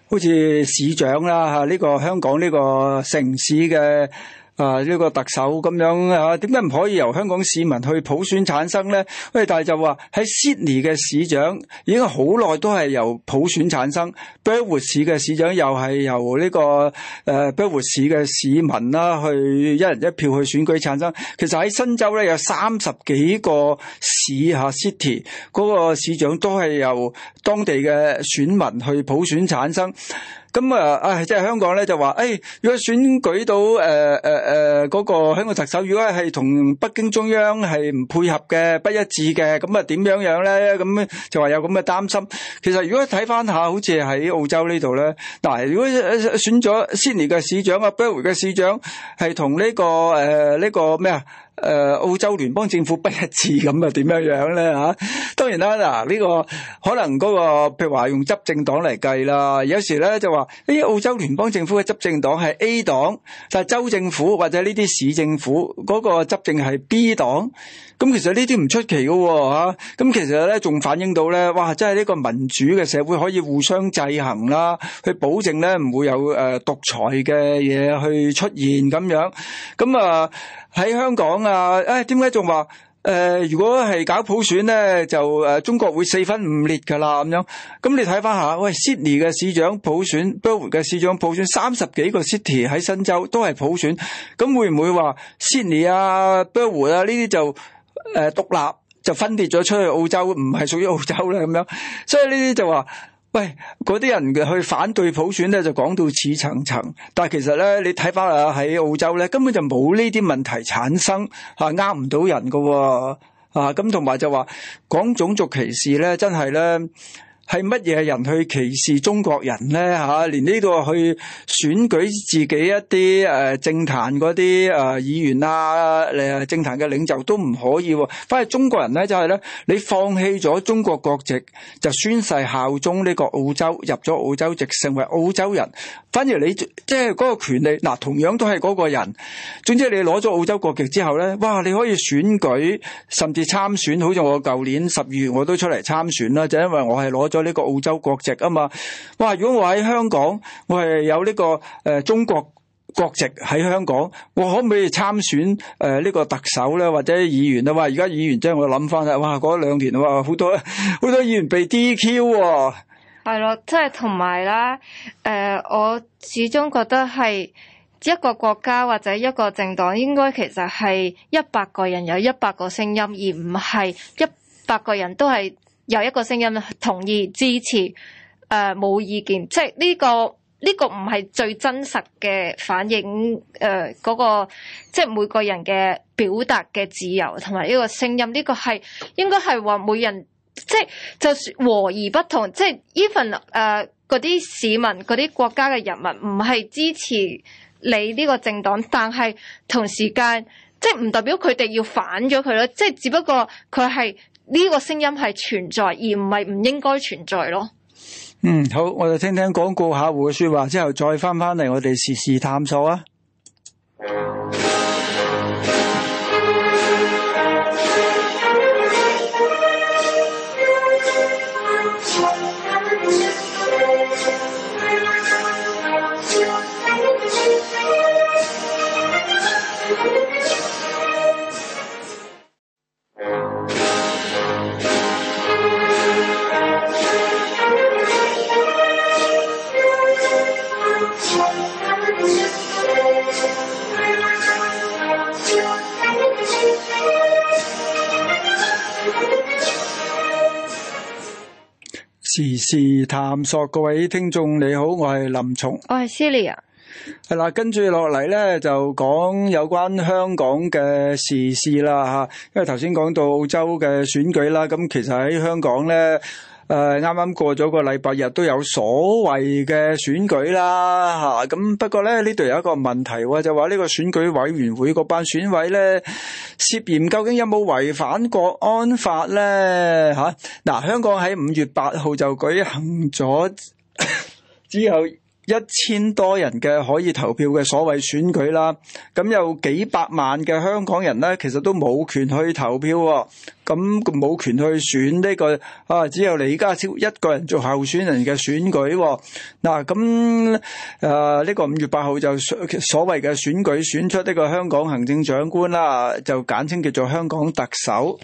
好似市長啦吓，呢個香港呢個城市嘅。啊！呢個特首咁樣吓，點解唔可以由香港市民去普選產生咧？喂，但係就話喺 Sydney 嘅市長已經好耐都係由普選產生。Burwood 市嘅市長又係由呢個誒 Burwood 市嘅市民啦，啊，去一人一票去選舉產生。其實喺新州咧有三十幾個市吓，Sydney 嗰個市長都係由當地嘅選民去普選產生。咁啊，啊即係香港咧就話，誒、哎、如果選舉到誒誒誒嗰個香港特首，如果係同北京中央係唔配合嘅、不一致嘅，咁啊點樣呢樣咧？咁就話有咁嘅擔心。其實如果睇翻下，好似喺澳洲呢度咧，嗱、啊，如果選咗先年嘅市長啊，Bill 嘅市長係同、呢個呃呢個、呢個誒呢個咩啊？誒、呃，澳洲聯邦政府不一致咁啊，點樣樣咧吓？當然啦，嗱、這、呢個可能嗰、那個，譬如話用執政黨嚟計啦，有時咧就話，呢啲澳洲聯邦政府嘅執政黨係 A 黨，但係州政府或者呢啲市政府嗰、那個執政係 B 黨，咁、嗯其，啊嗯、其實呢啲唔出奇噶吓。咁其實咧仲反映到咧，哇，真係呢個民主嘅社會可以互相制衡啦，去保證咧唔會有誒獨、呃、裁嘅嘢去出現咁樣。咁啊喺香港。啊！誒、哎，點解仲話誒？如果係搞普選咧，就誒、呃，中國會四分五裂噶啦咁樣。咁你睇翻下，喂，Sydney 嘅市長普選，Bellar 嘅市長普選，三十幾個 city 喺新州都係普選。咁會唔會話 Sydney 啊，Bellar 啊呢啲就誒、呃、獨立，就分裂咗出去澳洲，唔係屬於澳洲啦咁樣。所以呢啲就話。喂，嗰啲人嘅去反對普選咧，就講到似層層。但係其實咧，你睇返啊喺澳洲咧，根本就冇呢啲問題產生嚇，呃、啊、唔到人噶喎啊！咁同埋就話，講種族歧視咧，真係咧。係乜嘢人去歧視中國人咧？嚇、啊，連呢度去選舉自己一啲誒、呃、政壇嗰啲誒議員啊，誒、呃、政壇嘅領袖都唔可以喎、哦。反而中國人咧就係、是、咧，你放棄咗中國國籍,就宣誓效忠呢個澳洲,入咗澳洲籍成為澳洲人。反而你即係嗰個權利,嗱、啊、同樣都係嗰個人。總之你攞咗澳洲國籍之後咧,哇，你可以選舉,甚至參選。好似我舊年十二月我都出嚟參選啦,就因為我係攞咗。呢個澳洲國籍啊嘛，哇！如果我喺香港，我係有呢、這個誒、呃、中國國籍喺香港，我可唔可以參選誒呢、呃這個特首咧？或者議員啊？哇！而家議員即係我諗翻啦，哇！嗰兩年哇，好多好多議員被 DQ 喎、哦，係咯，即係同埋啦誒，我始終覺得係一個國家或者一個政黨應該其實係一百個人有一百個聲音，而唔係一百個人都係。有一個聲音同意支持，誒、呃、冇意見，即係呢、呢個呢、呢個唔係最真實嘅反映，誒、呃、嗰、嗰個即係每個人嘅表達嘅自由同埋呢個聲音，呢、呢個係應該係話每人即係就算和而不同，即係 even 嗰、呃、啲市民嗰啲國家嘅人民唔係支持你呢個政黨，但係同時間即係唔代表佢哋要反咗佢咯，即係只不過佢係。呢個聲音係存在，而唔係唔應該存在咯。嗯，好，我哋聽聽廣告客戶嘅說話之後，再返返嚟，我哋時事探索啊。時事探索，各位聽眾你好，我係林松，我係 Celia，呀，係啦，跟住落嚟咧就講有關香港嘅時事啦吓，因為頭先講到澳洲嘅選舉啦，咁其實喺香港咧。誒，啱啱，呃、過咗個禮拜日都有所謂嘅選舉啦，吓，啊、咁。不過咧呢度有一個問題，就話呢個選舉委員會班選委咧涉嫌究竟有冇違反國安法咧？吓，啊、嗱，香港喺五月八號就舉行咗 之後。一千多人嘅，可以投票嘅所謂選舉啦，咁有幾百萬嘅香港人咧，其實都冇權去投票、喎，咁冇權去選呢、這個啊，只有李家超一個人做候選人嘅選舉、喎。嗱，咁誒呢個五月八號就所謂嘅選舉選出呢個香港行政長官啦，就簡稱叫做香港特首。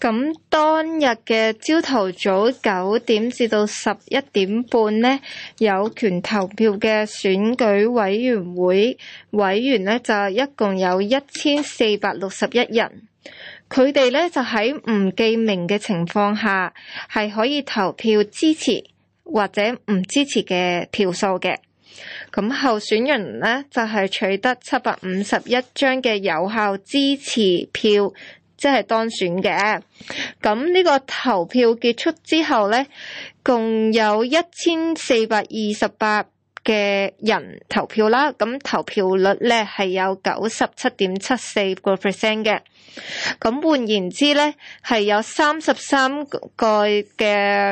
咁當日嘅朝頭早九點至到十一點半呢，有權投票嘅選舉委員會委員呢，就一共有一千四百六十一人。佢哋呢，就喺唔記名嘅情況下，係可以投票支持或者唔支持嘅票數嘅。咁候選人呢，就係取得七百五十一張嘅有效支持票。即係當選嘅，咁呢個投票結束之後咧，共有一千四百二十八嘅人投票啦，咁投票率咧係有九十七點七四個 percent 嘅，咁換言之咧，係有三十三個嘅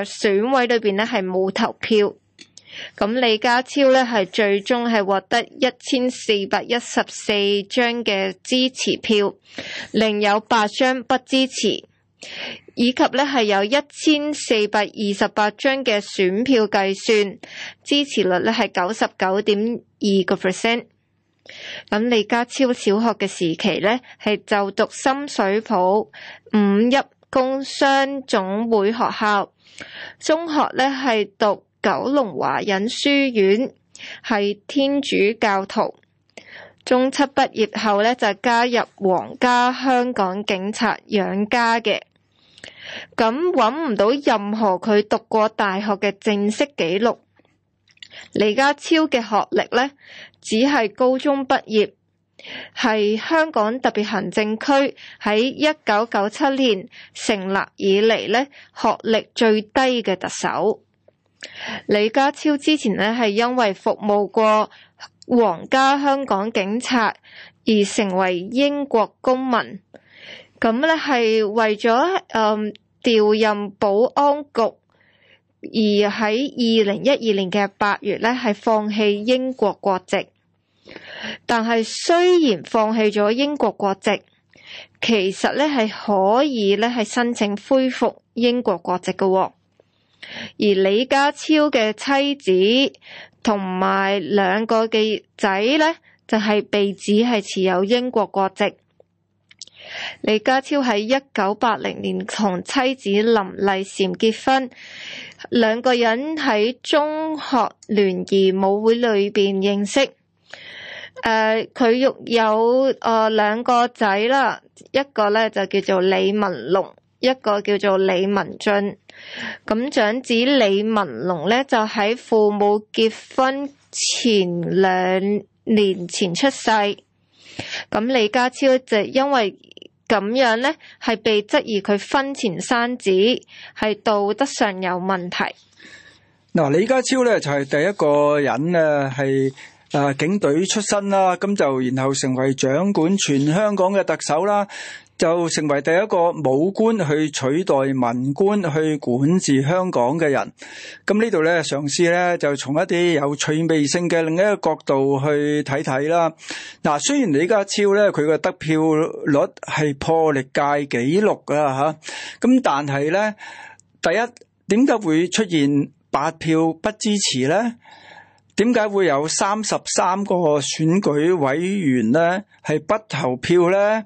選委裏邊咧係冇投票。咁李家超咧係最終係獲得一千四百一十四張嘅支持票，另有八張不支持，以及咧係有一千四百二十八張嘅選票計算，支持率咧係九十九點二個 percent。咁李家超小學嘅時期咧係就讀深水埗五邑工商總會學校，中學咧係讀，九龍華仁書院，係天主教徒，中七畢業後咧就加入皇家香港警察養家嘅，咁揾唔到任何佢讀過大學嘅正式記錄。李家超嘅學歷咧只係高中畢業，係香港特別行政區喺一九九七年成立以嚟咧學歷最低嘅特首。李家超之前呢，係因為服務過皇家香港警察而成為英國公民，咁呢，係為咗調任保安局而喺二零一二年嘅八月呢，係放棄英國國籍，但係雖然放棄咗英國國籍，其實呢，係可以呢，係申請恢復英國國籍嘅喎。而李家超嘅妻子同埋兩個嘅仔呢，就係被指係持有英國國籍。李家超喺一九八零年同妻子林麗嬋結婚，兩個人喺中學聯誼舞會裏邊認識。誒，佢育有誒兩個仔啦，一個呢就叫做李文龍，一個叫做李文俊。咁長子李文龍咧，就喺父母結婚前兩年前出世，咁李家超就因為咁樣呢，係被質疑佢婚前生子係道德上有問題。嗱，李家超呢，就係第一個人呢係誒警隊出身啦，咁就然後成為掌管全香港嘅特首啦。就成為第一個武官去取代文官去管治香港嘅人。咁呢度咧，嘗試咧就從一啲有趣味性嘅另一個角度去睇睇啦。嗱，雖然李家超咧，佢個得票率係破歷屆紀錄噶吓，咁、啊、但係咧，第一點解會出現八票不支持咧？點解會有三十三個選舉委員咧，係不投票咧？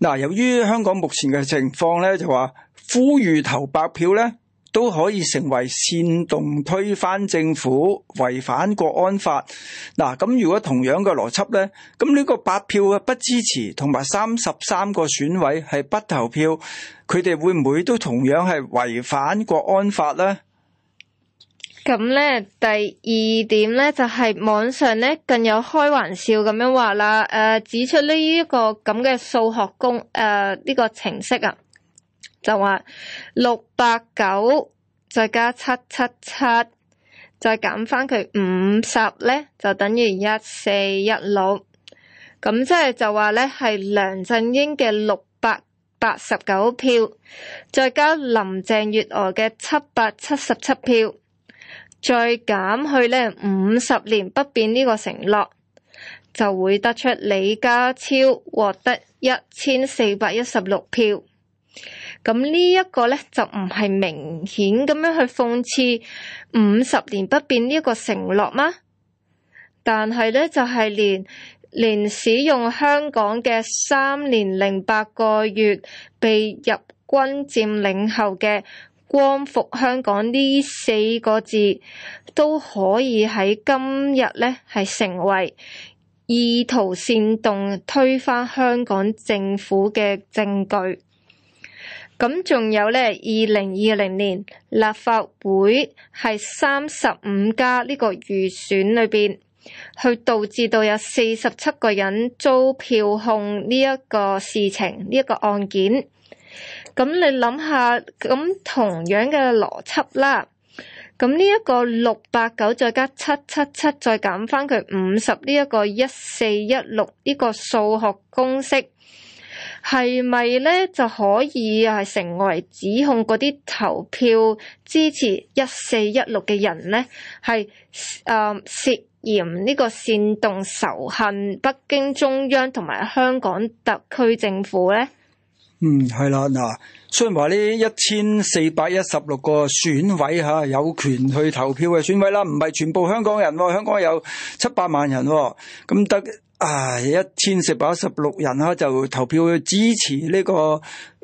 嗱，由於香港目前嘅情況咧，就話呼籲投白票咧，都可以成為煽動推翻政府、違反國安法。嗱，咁如果同樣嘅邏輯咧，咁呢個白票嘅不支持同埋三十三個選委係不投票，佢哋會唔會都同樣係違反國安法咧？咁咧，第二點咧就係網上咧更有開玩笑咁樣話啦。誒指出呢一個咁嘅數學公誒呢個程式啊，就話六百九再加七七七再減返佢五十咧，就等於一四一六。咁即係就話咧，係梁振英嘅六百八十九票，再加林鄭月娥嘅七百七十七票。再減去咧五十年不變呢個承諾，就會得出李家超獲得一千四百一十六票。咁呢一個咧就唔係明顯咁樣去諷刺五十年不變呢一個承諾嗎？但係咧就係、是、連連使用香港嘅三年零八個月被日軍佔領後嘅。光復香港呢四個字都可以喺今日呢係成為意圖煽動推翻香港政府嘅證據。咁仲有呢，二零二零年立法會係三十五加呢個預選裏邊，去導致到有四十七個人遭票控呢一個事情，呢一個案件。咁你諗下，咁同樣嘅邏輯啦，咁呢一個六八九再加七七七，再減翻佢五十，呢一個一四一六呢個數學公式係咪咧就可以係成為指控嗰啲投票支持一四一六嘅人咧，係誒、啊、涉嫌呢個煽動仇恨北京中央同埋香港特區政府咧？嗯，係啦，嗱、啊，雖然話呢一千四百一十六個選委吓、啊、有權去投票嘅選委啦，唔係全部香港人、哦，香港有七百萬人、哦，咁得啊一千四百一十六人吓、啊、就投票去支持呢、這個。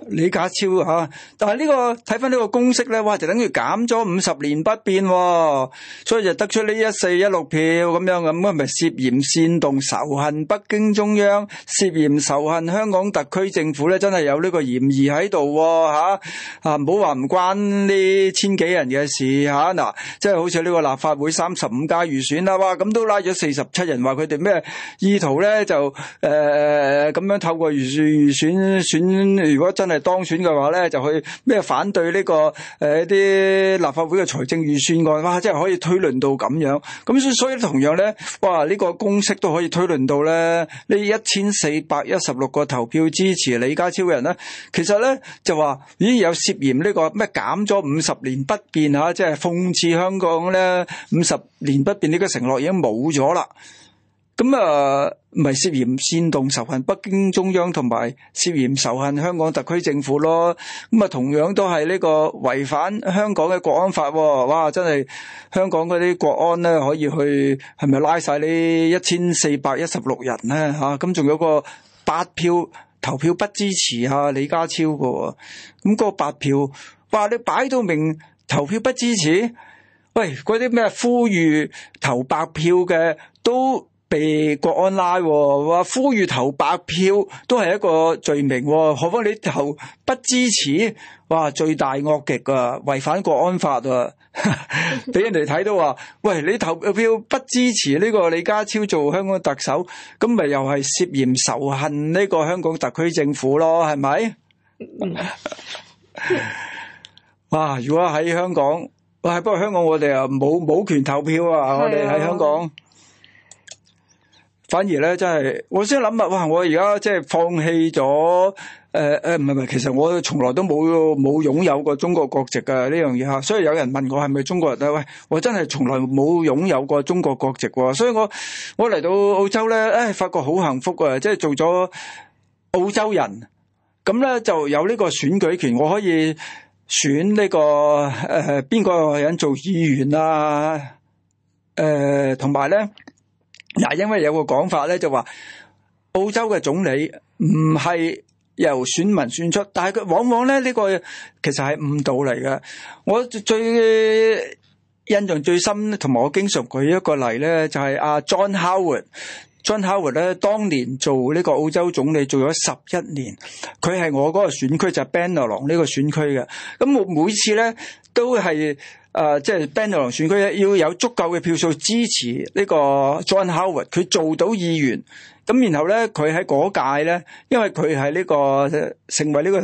李家超吓、啊，但係呢、這個睇翻呢個公式咧，哇就等於減咗五十年不變、啊，所以就得出呢一四一六票咁樣咁，咁咪涉嫌煽動仇恨北京中央，涉嫌仇恨香港特區政府咧，真係有呢個嫌疑喺度吓，啊唔、啊啊啊、好話唔關呢千幾人嘅事吓，嗱，即係好似呢個立法會三十五加預選啦、啊，哇咁都拉咗四十七人話佢哋咩意圖咧就誒咁、呃、樣透過預選預選選如果真，係當選嘅話咧，就去咩反對呢個誒一啲立法會嘅財政預算案，啊？即係可以推論到咁樣。咁所以同樣咧，哇！呢個公式都可以推論到咧，呢一千四百一十六個投票支持李家超人咧，其實咧就話，已經有涉嫌呢個咩減咗五十年不變吓、啊，即係諷刺香港咧五十年不變呢個承諾已經冇咗啦。咁啊，咪、嗯、涉嫌煽動仇恨，北京中央同埋涉嫌仇恨香港特區政府咯。咁、嗯、啊，同樣都係呢個違反香港嘅國安法喎。哇，真係香港嗰啲國安咧，可以去係咪拉晒呢、啊嗯、一千四百一十六人咧嚇？咁仲有個八票投票不支持啊李家超嘅。咁、嗯、嗰個八票，哇！你擺到明投票不支持，喂，嗰啲咩呼籲投白票嘅都？被國安拉，話呼籲投白票都係一個罪名，何況你投不支持，哇，罪大惡極啊，違反國安法啊！俾 人哋睇到話，喂，你投票不支持呢個李家超做香港特首，咁咪又係涉嫌仇恨呢個香港特區政府咯？係咪？ 哇！如果喺香港，喂，不過香港我哋啊冇冇權投票啊！啊我哋喺香港。反而咧，真係我先諗下，哇！我而家即係放棄咗誒誒，唔係唔係，其實我從來都冇冇擁有過中國國籍嘅呢樣嘢吓。所以有人問我係咪中國人呀？喂，我真係從來冇擁有過中國國籍喎。所以我我嚟到澳洲咧，誒、哎，發覺好幸福啊！即係做咗澳洲人，咁咧就有呢個選舉權，我可以選呢、呢個誒邊、呃、個人做議員啦、啊，誒同埋咧。嗱，因為有個講法咧，就話澳洲嘅總理唔係由選民選出，但係佢往往咧呢個其實係誤導嚟嘅。我最印象最深，同埋我經常舉一個例咧，就係阿 John Howard。John Howard 咧，當年做呢個澳洲總理做咗十一年，佢係我嗰個選區就是、Bennelong 呢個選區嘅，咁我每次咧都係誒，即係 Bennelong 選區要有足夠嘅票數支持呢個 John Howard，佢做到議員，咁然後咧佢喺嗰屆咧，因為佢係呢個成為呢個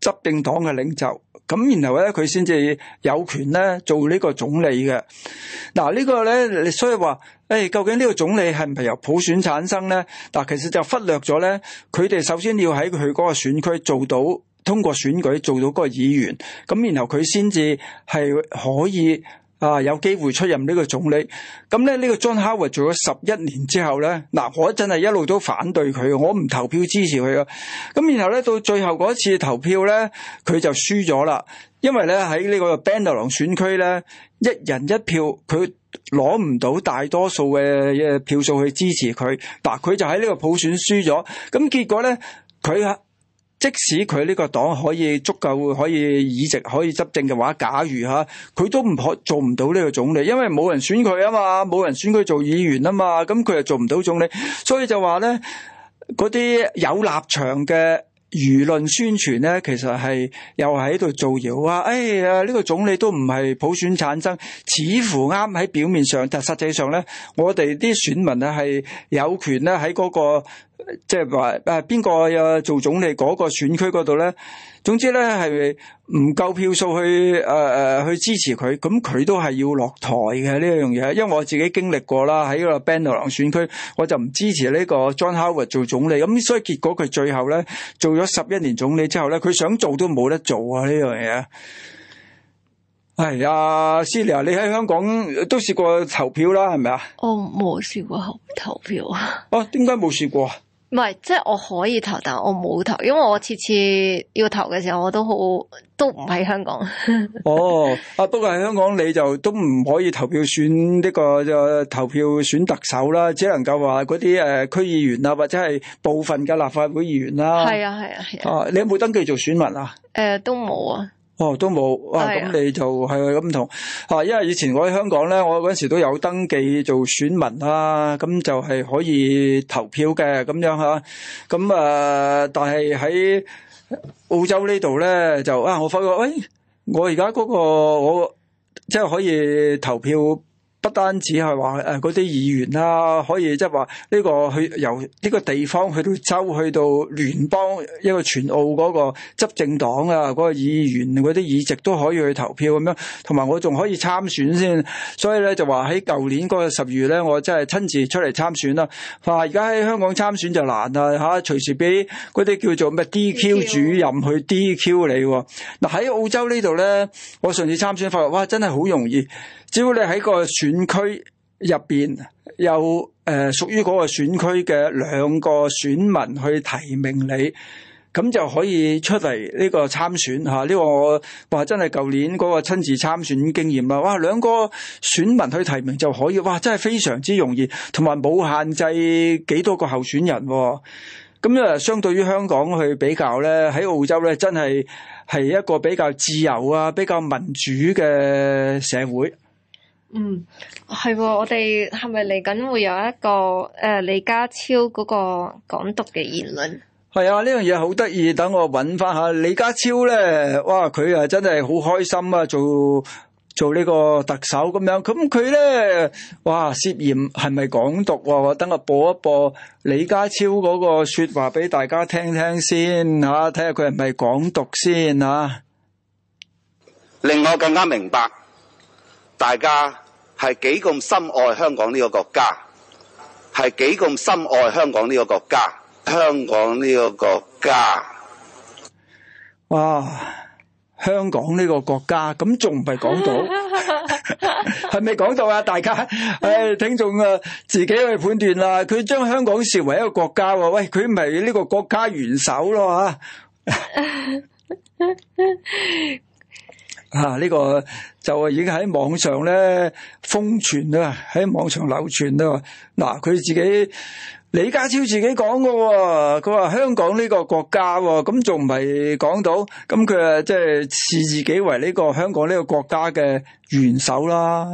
執政黨嘅領袖，咁然後咧佢先至有權咧做呢個總理嘅。嗱呢個咧，所以話。誒、哎，究竟呢個總理係唔係由普選產生咧？嗱，其實就忽略咗咧，佢哋首先要喺佢嗰個選區做到通過選舉做到嗰個議員，咁然後佢先至係可以啊有機會出任呢個總理。咁咧，呢個 John Howard 做咗十一年之後咧，嗱、啊，我真係一路都反對佢，我唔投票支持佢嘅。咁然後咧，到最後嗰一次投票咧，佢就輸咗啦，因為咧喺呢個 Bennelong 選區咧。一人一票，佢攞唔到大多數嘅票數去支持佢，嗱，佢就喺呢個普選輸咗。咁結果呢，佢即使佢呢個黨可以足夠可以議席可以執政嘅話，假如嚇佢都唔可做唔到呢個總理，因為冇人選佢啊嘛，冇人選佢做議員啊嘛，咁佢又做唔到總理，所以就話呢嗰啲有立場嘅。輿論宣傳咧，其實係又喺度造謠啊！哎呀，呢個總理都唔係普選產生，似乎啱喺表面上，但實際上咧，我哋啲選民啊係有權咧喺嗰個。即係話誒，邊個有做總理嗰個選區嗰度咧？總之咧係唔夠票數去誒誒、呃、去支持佢，咁佢都係要落台嘅，呢樣嘢。因為我自己經歷過啦，喺呢個 Bennelong 選區，我就唔支持呢個 John Howard 做總理。咁所以結果佢最後咧做咗十一年總理之後咧，佢想做都冇得做啊呢樣嘢。係啊，Celia，你喺香港都試過投票啦，係咪啊？我冇試過投票。 啊？哦，點解冇試過？唔係，即係我可以投，但係我冇投，因為我次次要投嘅時候，我都好都唔喺香港。 哦，不過喺香港，你就都唔可以投票選呢、這個就投票選特首啦，只能夠話嗰啲誒區議員啊，或者係部分嘅立法會議員啦。係啊，係啊，係啊。哦、啊，啊、你有冇登記做選民啊？誒、呃，都冇啊。哦，都冇哇！咁的、啊、你就係咁同啊，因為以前我喺香港咧，我嗰陣時都有登記做選民啦、啊，咁就係可以投票嘅咁樣嚇。咁啊，但係喺澳洲呢度咧，就啊，我發覺，喂、哎，我而家嗰個我即係、就係、可以投票。不單止係話誒嗰啲議員啦、啊，可以即係話呢個去由呢個地方去到州，去到聯邦一個全澳嗰個執政黨啊，嗰、嗰個議員嗰啲議席都可以去投票咁樣，同埋我仲可以參選先。所以咧就話喺舊年嗰個十月咧，我真係親自出嚟參選啦。話而家喺香港參選就難啦嚇，隨、啊、時俾嗰啲叫做咩 DQ 主任去 DQ 你。嗱喺 Q、啊、澳洲呢度咧，我上次參選發覺哇，真係好容易。只要你喺個選區入邊有誒屬於嗰個選區嘅兩個選民去提名你，咁就可以出嚟呢個參選吓。呢個我話真係舊年嗰個親自參選經驗啊。哇，兩個選民去提名就可以，哇，真係非常之容易，同埋冇限制幾多個候選人啊。咁啊，相對於香港去比較咧，喺澳洲咧真係係一個比較自由啊、比較民主嘅社會。嗯，係、哦，我哋係咪嚟緊會有一個誒、呃、李家超嗰個港獨嘅言論？係啊，呢樣嘢好得意。等我揾翻下李家超咧，哇，佢啊真係好開心啊，做做呢個特首咁樣。咁佢咧，哇，涉嫌係咪港獨、啊？我等我播一播李家超嗰個說話俾大家聽聽先吓，睇下佢係咪港獨先吓。啊、令我更加明白大家，係幾咁深愛香港呢個國家，係幾咁深愛香港呢個國家，香港呢個國家，哇！香港呢個國家，咁仲唔係講到？係咪講到啊？大家，誒，聽眾啊，自己去判斷啦。佢將香港視為一個國家喎，喂，佢唔係呢個國家元首咯吓？啊，呢個。就係已經喺網上咧瘋傳啦，喺網上流傳啦。嗱、啊，佢自己李家超自己講嘅喎，佢話香港呢個國家，咁仲唔係講到？咁佢啊，即係視自己為呢、這個香港呢個國家嘅元首啦。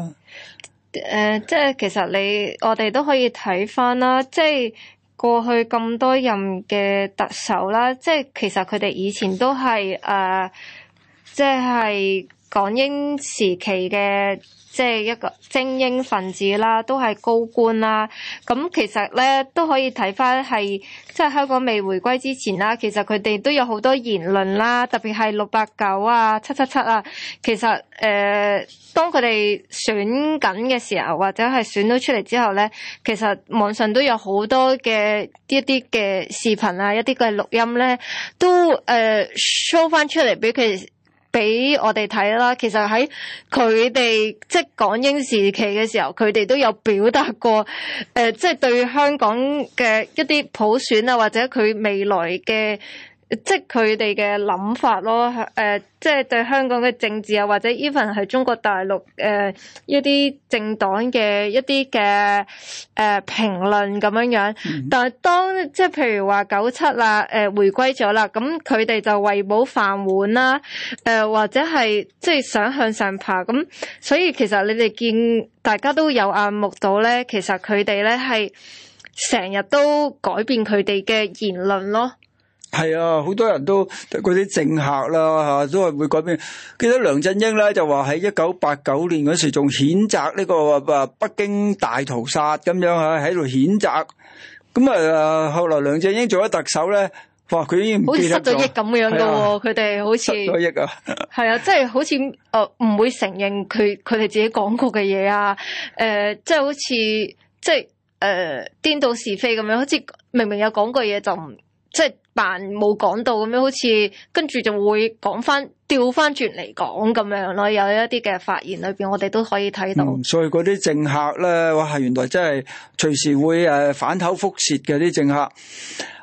誒、呃，即係其實你我哋都可以睇返啦，即係過去咁多任嘅特首啦，即係其實佢哋以前都係誒、呃，即係。港英時期嘅即係一個精英分子啦，都係高官啦。咁、嗯、其實咧都可以睇翻係即係香港未回歸之前啦，其實佢哋都有好多言論啦，特別係六八九啊、七七七啊。其實誒、呃，當佢哋選緊嘅時候，或者係選咗出嚟之後咧，其實網上都有好多嘅一啲嘅視頻啊，一啲嘅錄音咧，都誒、呃、show 翻出嚟，俾佢哋。俾我哋睇啦，其實喺佢哋即係港英時期嘅時候，佢哋都有表達過誒、呃，即係對香港嘅一啲普選啊，或者佢未來嘅。即係佢哋嘅諗法咯，誒、呃、即係對香港嘅政治啊，或者 even 係中國大陸誒、呃、一啲政黨嘅一啲嘅誒評論咁樣樣，嗯、但係當即係譬如話九七啦，誒、呃、回歸咗啦，咁佢哋就為保飯碗啦，誒、呃、或者係即係想向上爬咁。所以其實你哋見大家都有眼目睹咧，其實佢哋咧係成日都改變佢哋嘅言論咯。係啊，好多人都嗰啲政客啦吓，都係會改變。記得梁振英咧就話喺一九八九年嗰時仲譴責呢個話北京大屠殺咁樣吓，喺度譴責。咁啊，後來梁振英做咗特首咧，哇，佢已經好似失咗憶咁樣噶喎，佢哋好似失咗憶啊！係啊，即係好似誒唔會承認佢佢哋自己講過嘅嘢啊。誒、呃，即、就、係、是、好似即係誒顛倒是非咁樣，好似明,明明有講過嘢就唔即係。就是但冇講到咁樣，好似跟住就會講翻調翻轉嚟講咁樣咯，有一啲嘅發言裏邊，我哋都可以睇到。所以嗰啲政客咧，哇，原來真係隨時會誒、啊、反口覆舌嘅啲政客。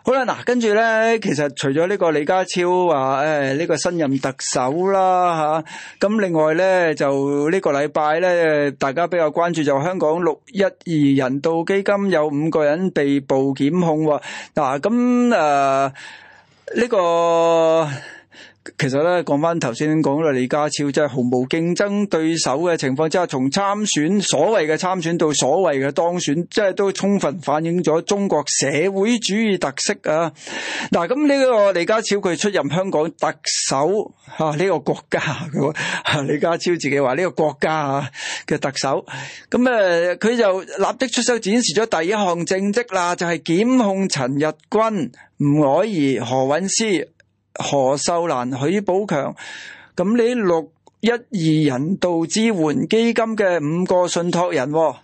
好啦，嗱、啊，跟住咧，其實除咗呢個李家超話誒呢個新任特首啦嚇，咁、啊啊、另外咧就個禮呢個禮拜咧，大家比較關注就香港六一二人道基金有五個人被捕檢控喎。嗱咁誒。啊啊呢、呢個。其實咧，講翻頭先講到李家超，即係毫無競爭對手嘅情況之下，從參選所謂嘅參選到所謂嘅當選，即係都充分反映咗中國社會主義特色啊！嗱、啊，咁呢個李家超佢出任香港特首吓呢、啊呢個國家、啊，李家超自己話呢、呢個國家啊嘅特首，咁誒佢就立即出手展示咗第一項政績啦，就係、是、檢控陳日君、吳靄儀、何韻詩、何秀蘭、許寶強，咁呢六一二人道支援基金嘅五個信託人、哦，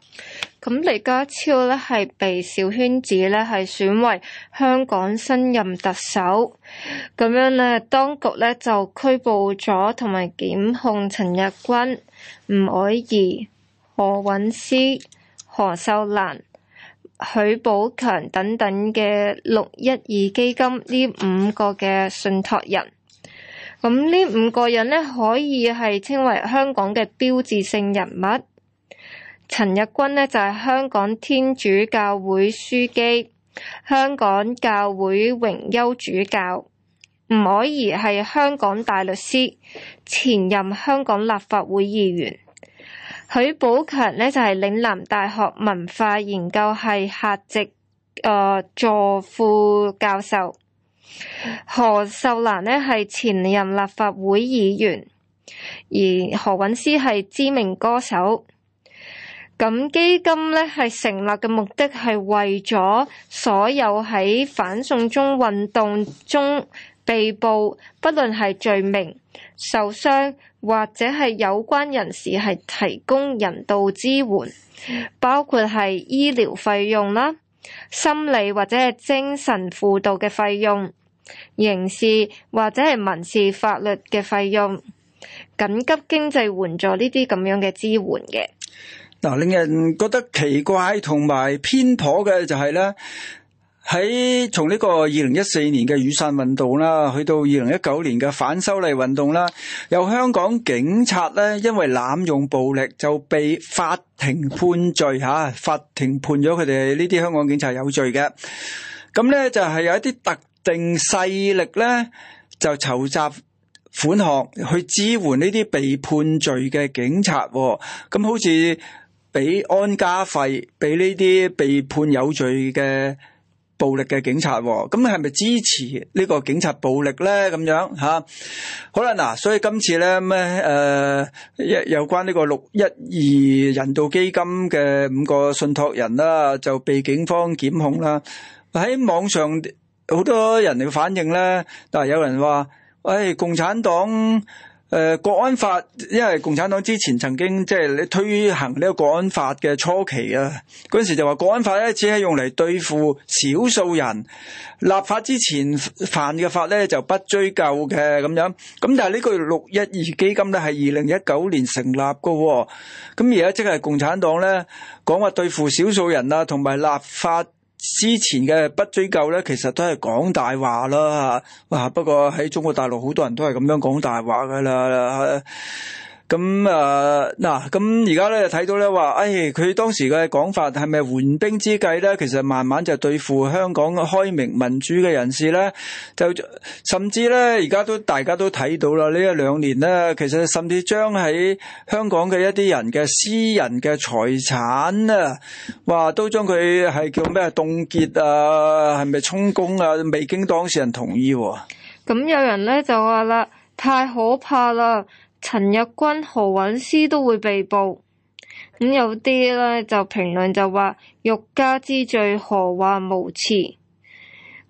咁李家超咧，係被小圈子咧，係選為香港新任特首，咁樣咧，當局咧就拘捕咗同埋檢控陳日君、吳靄儀、何韻詩、何秀蘭。許寶強等等嘅六一二基金呢五個嘅信託人，咁呢五個人呢，可以係稱為香港嘅標誌性人物。陳日君呢，就係香港天主教會樞機、香港教會榮休主教。吳靄儀係香港大律師，前任香港立法會議員。許寶強呢，就係嶺南大學文化研究系客席誒、呃、助副教授，何秀蘭呢，係前任立法會議員，而何韻詩係知名歌手。咁基金咧係成立嘅目的係為咗所有喺反送中運動中被捕，不論係罪名、受傷。或者係有關人士係提供人道支援，包括係醫療費用啦、心理或者係精神輔導嘅費用、刑事或者係民事法律嘅費用、緊急經濟援助呢啲咁樣嘅支援嘅。嗱，令人覺得奇怪同埋偏頗嘅就係、是、咧。喺從呢個二零一四年嘅雨傘運動啦，去到二零一九年嘅反修例運動啦，由香港警察咧，因為濫用暴力就被法庭判罪吓、啊，法庭判咗佢哋呢啲香港警察有罪嘅。咁咧就係、是、有一啲特定勢力咧，就籌集款項去支援呢啲被判罪嘅警察，咁、啊、好似俾安家費，俾呢啲被判有罪嘅。暴力嘅警察，咁係咪支持呢個警察暴力咧？咁樣吓，好啦嗱，所以今次咧咩誒，有關呢個六一二人道基金嘅五個信託人啦，就被警方檢控啦。喺網上好多人嘅反應咧，但係有人話，喂，共產黨。誒、呃，國安法，因為共產黨之前曾經即係、就是、推行呢個國安法嘅初期啊，嗰陣時就話國安法咧只係用嚟對付少數人，立法之前犯嘅法咧就不追究嘅咁樣。咁但係呢個六一二基金咧係二零一九年成立噶，咁而家即係共產黨咧講話對付少數人啊，同埋立法，之前嘅不追究咧，其實都係講大話啦，嚇。哇！不過喺中國大陸好多人都係咁樣講大話噶啦。咁啊嗱，咁而家咧就睇到咧話，誒、哎，佢當時嘅講法係咪緩兵之計咧？其實慢慢就對付香港開明民主嘅人士咧，就甚至咧而家都大家都睇到啦。一兩呢一兩年咧，其實甚至將喺香港嘅一啲人嘅私人嘅財產啊，哇，都將佢係叫咩凍結啊？係咪充公啊？未經當事人同意，啊。咁有人咧就話啦，太可怕啦！陳日君、何韻詩都會被捕。咁有啲咧就評論就話：欲加之罪，何患無辭？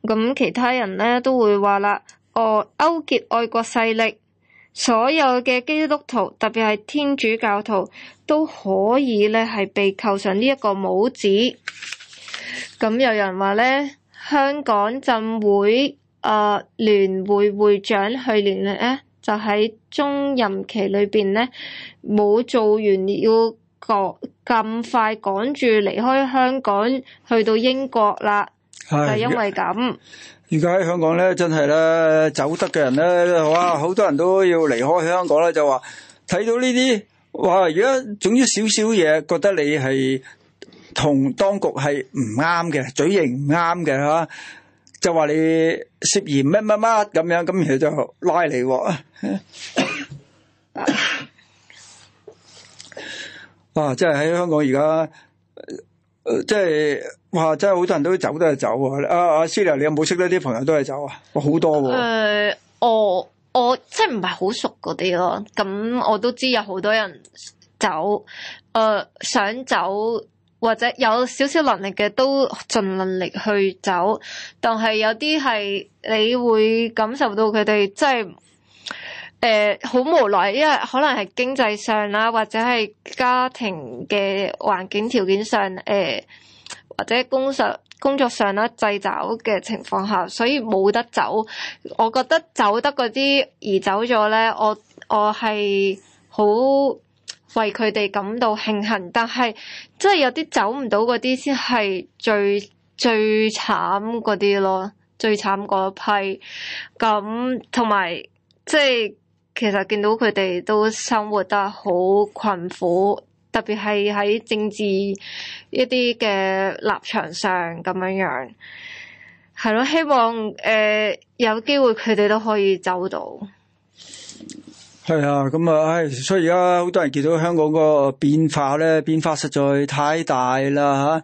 咁其他人咧都會話啦，哦，勾結愛國勢力，所有嘅基督徒，特別係天主教徒，都可以咧係被扣上呢一個帽子。咁有人話咧，香港浸會啊聯、呃、會會長去聯絡咧。就喺中任期裏邊咧，冇做完要趕咁快趕住離開香港去到英國啦，係的因為咁。而家喺香港咧，真係咧，走得嘅人咧，哇！好、啊、多人都要離開香港啦，就話睇到呢啲哇，而家總之少少嘢，覺得你係同當局係唔啱嘅，嘴型唔啱嘅，嚇。就話你涉嫌乜乜乜咁樣，咁佢就拉你喎。 啊，即係喺香港而家，即係話真係好多人都走都係走、啊。阿阿 Sir，你有冇識得啲朋友都係走啊？好多喎、啊。誒、呃，我我即係唔係好熟嗰啲咯。咁我都知有好多人走，誒、呃，想走。或者有少少能力嘅都盡能力去走，但係有啲係你會感受到佢哋真係誒好無奈，因為可能係經濟上啦，或者係家庭嘅環境條件上誒、呃，或者工作工作上啦掣肘嘅情況下，所以冇得走。我覺得走得嗰啲而走咗咧，我我係好為佢哋感到慶幸，但係真係有啲走唔到嗰啲，先係最最慘嗰啲咯，最慘嗰一批。咁同埋即係其實見到佢哋都生活得好困苦，特別係喺政治一啲嘅立場上咁樣樣，係咯。希望誒、呃、有機會佢哋都可以走到。係啊，咁啊，唉、 哎嗯，所以而家好多人見到香港個變化咧，變化實在太大啦嚇、啊。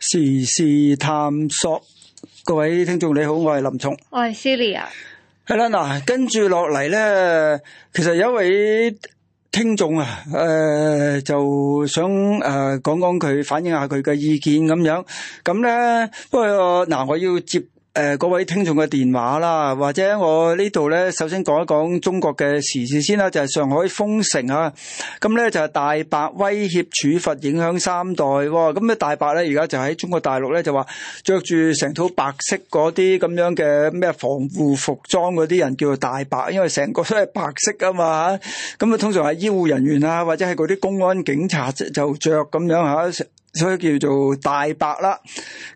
時事探索。各位聽眾你好，我係林聰，我係 Celia 啊。係啦。嗱，跟住落嚟咧，其實有一位聽眾啊，誒、呃，就想誒講講佢反映下佢嘅意見咁樣咁咧。不過嗱，我要接。誒、呃，各位聽眾嘅電話啦，或者我呢度咧，首先講一講中國嘅時事先啦、啊，就係、是、上海封城啊。咁咧就係、是、大白威脅處罰影響三代、啊。咁啊大白咧，而家就喺中國大陸咧就話着住成套白色嗰啲咁樣嘅咩防護服裝嗰啲人叫做大白，因為成個都係白色吖嘛。咁啊，通常係醫護人員啊，或者係嗰啲公安警察就着咁樣吓、啊。所以叫做大白啦，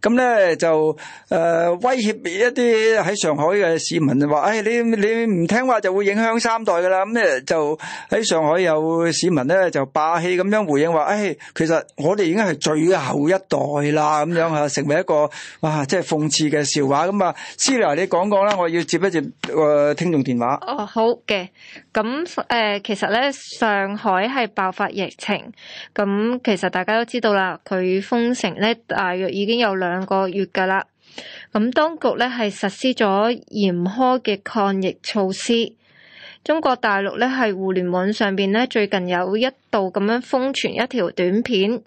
咁咧就誒、呃、威脅一啲喺上海嘅市民，就話、哎、誒你你唔聽話就會影響三代噶啦，咁咧就喺上海有市民咧就霸氣咁樣回應話，誒、哎、其實我哋已經係最後一代啦，咁樣吓成為一個哇即係諷刺嘅笑話。咁啊，思華你講講啦，我要接一接誒、呃、聽眾電話。哦，好嘅。咁誒、嗯，其實咧，上海係爆發疫情，咁、嗯、其實大家都知道啦。佢封城咧，大約已經有兩個月㗎啦。咁、嗯、當局咧係實施咗嚴苛嘅抗疫措施。中國大陸咧係互聯網上邊咧最近有一度咁樣瘋傳一條短片，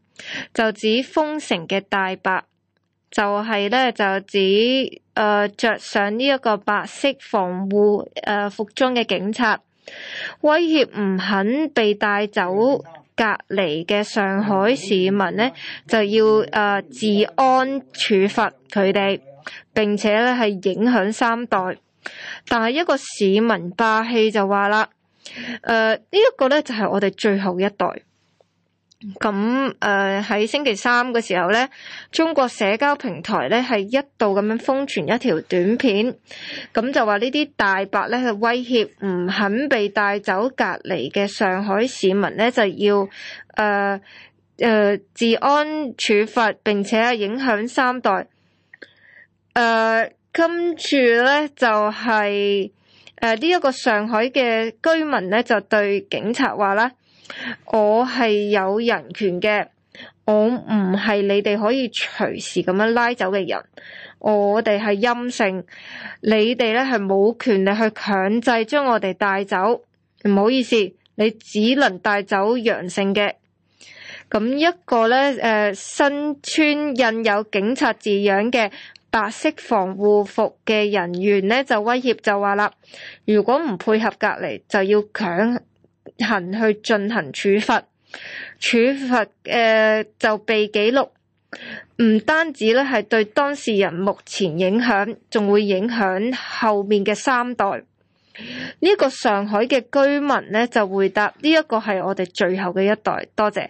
就指封城嘅大白，就係、是、咧就指誒、呃、着上呢一個白色防護誒、呃、服裝嘅警察。威脅唔肯被帶走隔離嘅上海市民呢，就要誒、呃、治安處罰佢哋，並且咧係影響三代。但係一個市民霸氣就話啦：誒呢一個呢，就係、是、我哋最後一代。咁誒喺星期三嘅時候咧，中國社交平台咧係一度咁樣瘋傳一條短片，咁就話呢啲大白咧威脅唔肯被帶走隔離嘅上海市民咧就要誒誒、呃呃、治安處罰並且影響三代。誒跟住咧就係誒呢一個上海嘅居民咧就對警察話啦。我係有人權嘅，我唔係你哋可以隨時咁樣拉走嘅人。我哋係陰性，你哋咧係冇權利去強制將我哋帶走。唔好意思，你只能帶走陽性嘅。咁一個咧，誒身穿印有警察字樣嘅白色防護服嘅人員咧，就威脅就話啦：如果唔配合隔離，就要強行去進行處罰處罰誒、呃、就被記錄，唔單止咧係對當事人目前影響，仲會影響後面嘅三代。呢、這個上海嘅居民咧就回答，呢、這、一個係我哋最後嘅一代。多謝。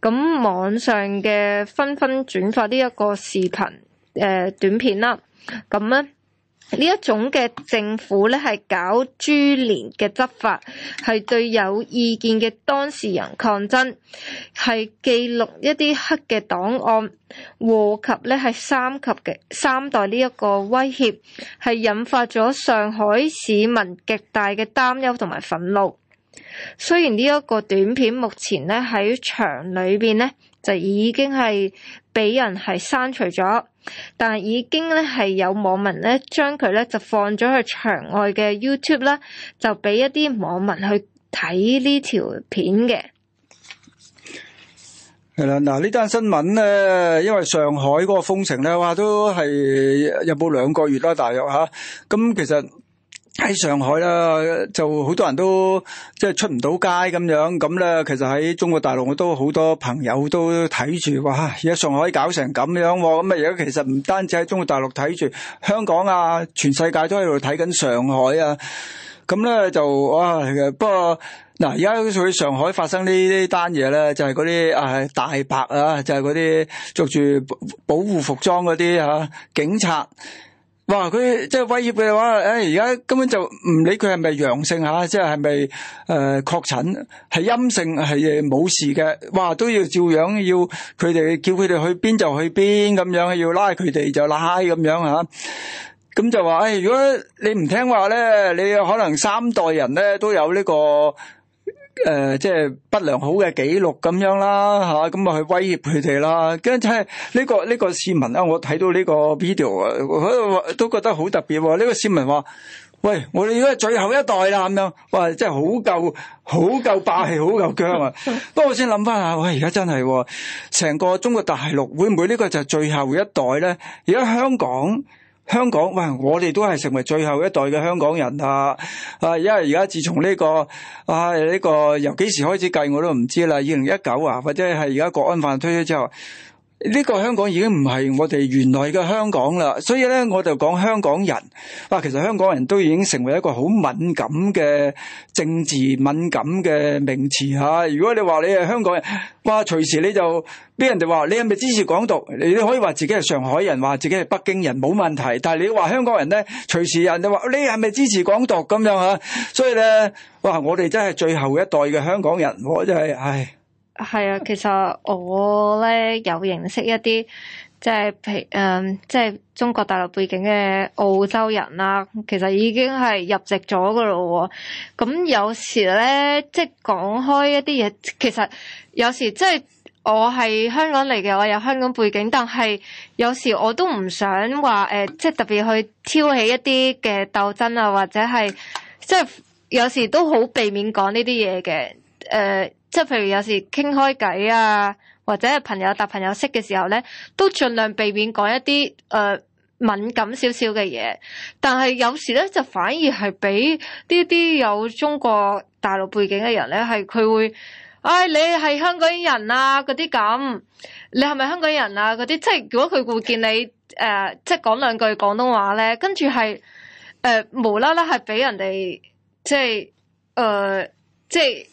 咁網上嘅紛紛轉發呢一個視頻誒、呃、短片啦。咁咧。呢一種嘅政府咧，係搞株連嘅執法，係對有意見嘅當事人抗爭，係記錄一啲黑嘅檔案，禍及咧係三級嘅三代呢一個威脅，係引發咗上海市民極大嘅擔憂同埋憤怒。雖然呢一個短片目前咧喺牆裏邊咧就已經係，俾人係刪除咗，但係已經咧係有網民咧將佢咧就放咗去牆外嘅 YouTube 咧，就俾一啲網民去睇呢條片嘅。係啦，嗱呢單新聞咧，因為上海嗰個風情咧，話都係有冇兩個月啦，大約嚇。咁其實。喺上海啦，就好多人都即係出唔到街咁樣，咁咧，其實喺中國大陸我都好多朋友都睇住，哇！而家上海搞成咁樣，咁啊而家其實唔單止喺中國大陸睇住，香港啊，全世界都喺度睇緊上海啊，咁咧就啊，不過嗱，而家佢上海發生呢啲單嘢咧，就係嗰啲啊大白啊，就係嗰啲着住保護服裝嗰啲啊警察。哇！佢即係威脅佢嘅話，誒、哎，而家根本就唔理佢係咪陽性吓、啊，即係係咪誒確診，係、呃、陰性係冇事嘅。哇，都要照樣要佢哋叫佢哋去邊就去邊咁樣，要拉佢哋就拉咁樣吓。咁、啊、就話，誒、哎，如果你唔聽話咧，你可能三代人咧都有呢、這個。誒、呃，即係不良好嘅記錄咁樣啦，吓咁啊，啊去威脅佢哋啦。跟即係呢個呢、這個市民啦、啊，我睇到呢個 video，我、啊啊、都覺得好特別、啊。呢、這個市民話，喂，我哋而家最後一代啦，咁、啊、樣，哇，真係好夠好夠霸氣，好夠薑啊！不過我先諗翻下，喂，而家真係成、啊、個中國大陸會唔會呢個就係最後一代咧？而家香港，香港喂，我哋都係成為最後一代嘅香港人啦，啊，因為而家自從呢個啊呢個由幾時開始計，我都唔知啦，二零一九啊，或者係而家國安法推出之後。呢個香港已經唔係我哋原來嘅香港啦，所以呢，我就講香港人。哇、啊，其實香港人都已經成為一個好敏感嘅政治敏感嘅名詞吓、啊。如果你話你係香港人，哇，隨時你就俾人哋話你係咪支持港獨？你都可以話自己係上海人，話自己係北京人冇問題。但係你話香港人呢，隨時人哋話你係咪支持港獨咁樣吓，所以呢，哇，我哋真係最後一代嘅香港人，我就係、是、唉。係啊，其實我咧有認識一啲即係譬誒，即係、嗯、中國大陸背景嘅澳洲人啦、啊。其實已經係入籍咗噶咯喎。咁有時咧，即係講開一啲嘢，其實有時即係我係香港嚟嘅，我有香港背景，但係有時我都唔想話誒、呃，即係特別去挑起一啲嘅鬥爭啊，或者係即係有時都好避免講呢啲嘢嘅誒。呃即係譬如有時傾開偈啊，或者係朋友搭朋友識嘅時候咧，都盡量避免講一啲誒敏感少少嘅嘢。但係有時咧，就反而係俾呢啲有中國大陸背景嘅人咧，係佢會，唉，你係香港人啊嗰啲咁，你係咪香港人啊嗰啲？即係如果佢會見你誒，即係講兩句廣東話咧，跟住係誒無啦啦係俾人哋即係誒即係。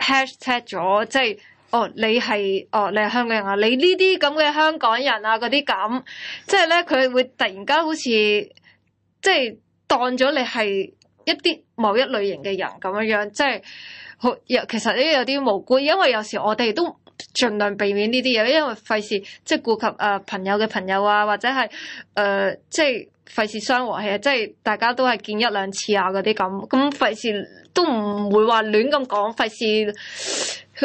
hash tag 咗，即係哦，你係哦，你係香港人啊！你呢啲咁嘅香港人啊，嗰啲咁，即係咧佢會突然間好似即係當咗你係一啲某一類型嘅人咁樣樣，即係好有其實呢啲有啲無辜，因為有時我哋都盡量避免呢啲嘢，因為費事即係顧及誒、呃、朋友嘅朋友啊，或者係誒、呃、即係。費事傷和氣啊！即係大家都係見一兩次啊，嗰啲咁，咁費事都唔會話亂咁講，費事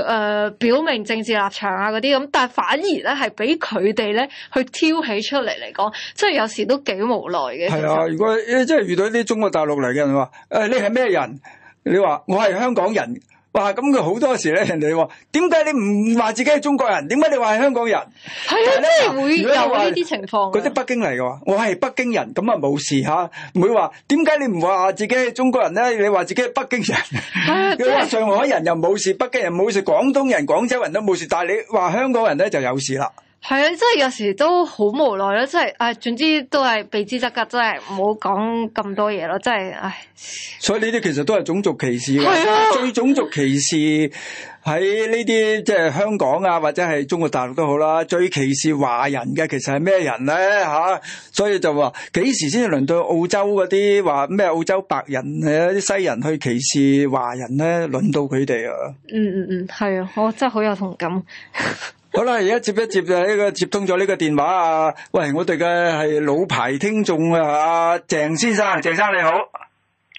誒表明政治立場啊嗰啲咁，但係反而咧係俾佢哋咧去挑起出嚟嚟講，即係有時都幾無奈嘅。係啊，如果即係遇到啲中國大陸嚟嘅人話，誒、欸、你係咩人？你話我係香港人。哇！咁佢好多時咧，人哋話點解你唔話自己係中國人？點解你話係香港人？係啊，即係會有呢啲情況。佢啲北京嚟嘅，我係北京人，咁啊冇事嚇。唔會話點解你唔話自己係中國人咧？你話自己係北京人，你話、啊、 上海人又冇事，北京人冇事，廣東人、廣州人都冇事，但係你話香港人咧就有事啦。係啊，真係有時都好無奈咯，即係，誒，總之都係避之則吉，真係唔好講咁多嘢咯，真係，唉。所以呢啲其實都係種族歧視。係啊的，最種族歧視喺呢啲，即係香港啊，或者係中國大陸都好啦，最歧視華人嘅其實係咩人咧吓、啊？所以就話幾時先至輪到澳洲嗰啲話咩澳洲白人嘅啲西人去歧視華人咧？輪到佢哋啊？嗯嗯嗯，係啊，我真係好有同感。 好啦，而家接一接就呢個接通咗呢個電話啊！喂，我哋嘅係老牌聽眾啊，鄭先生，鄭生你好。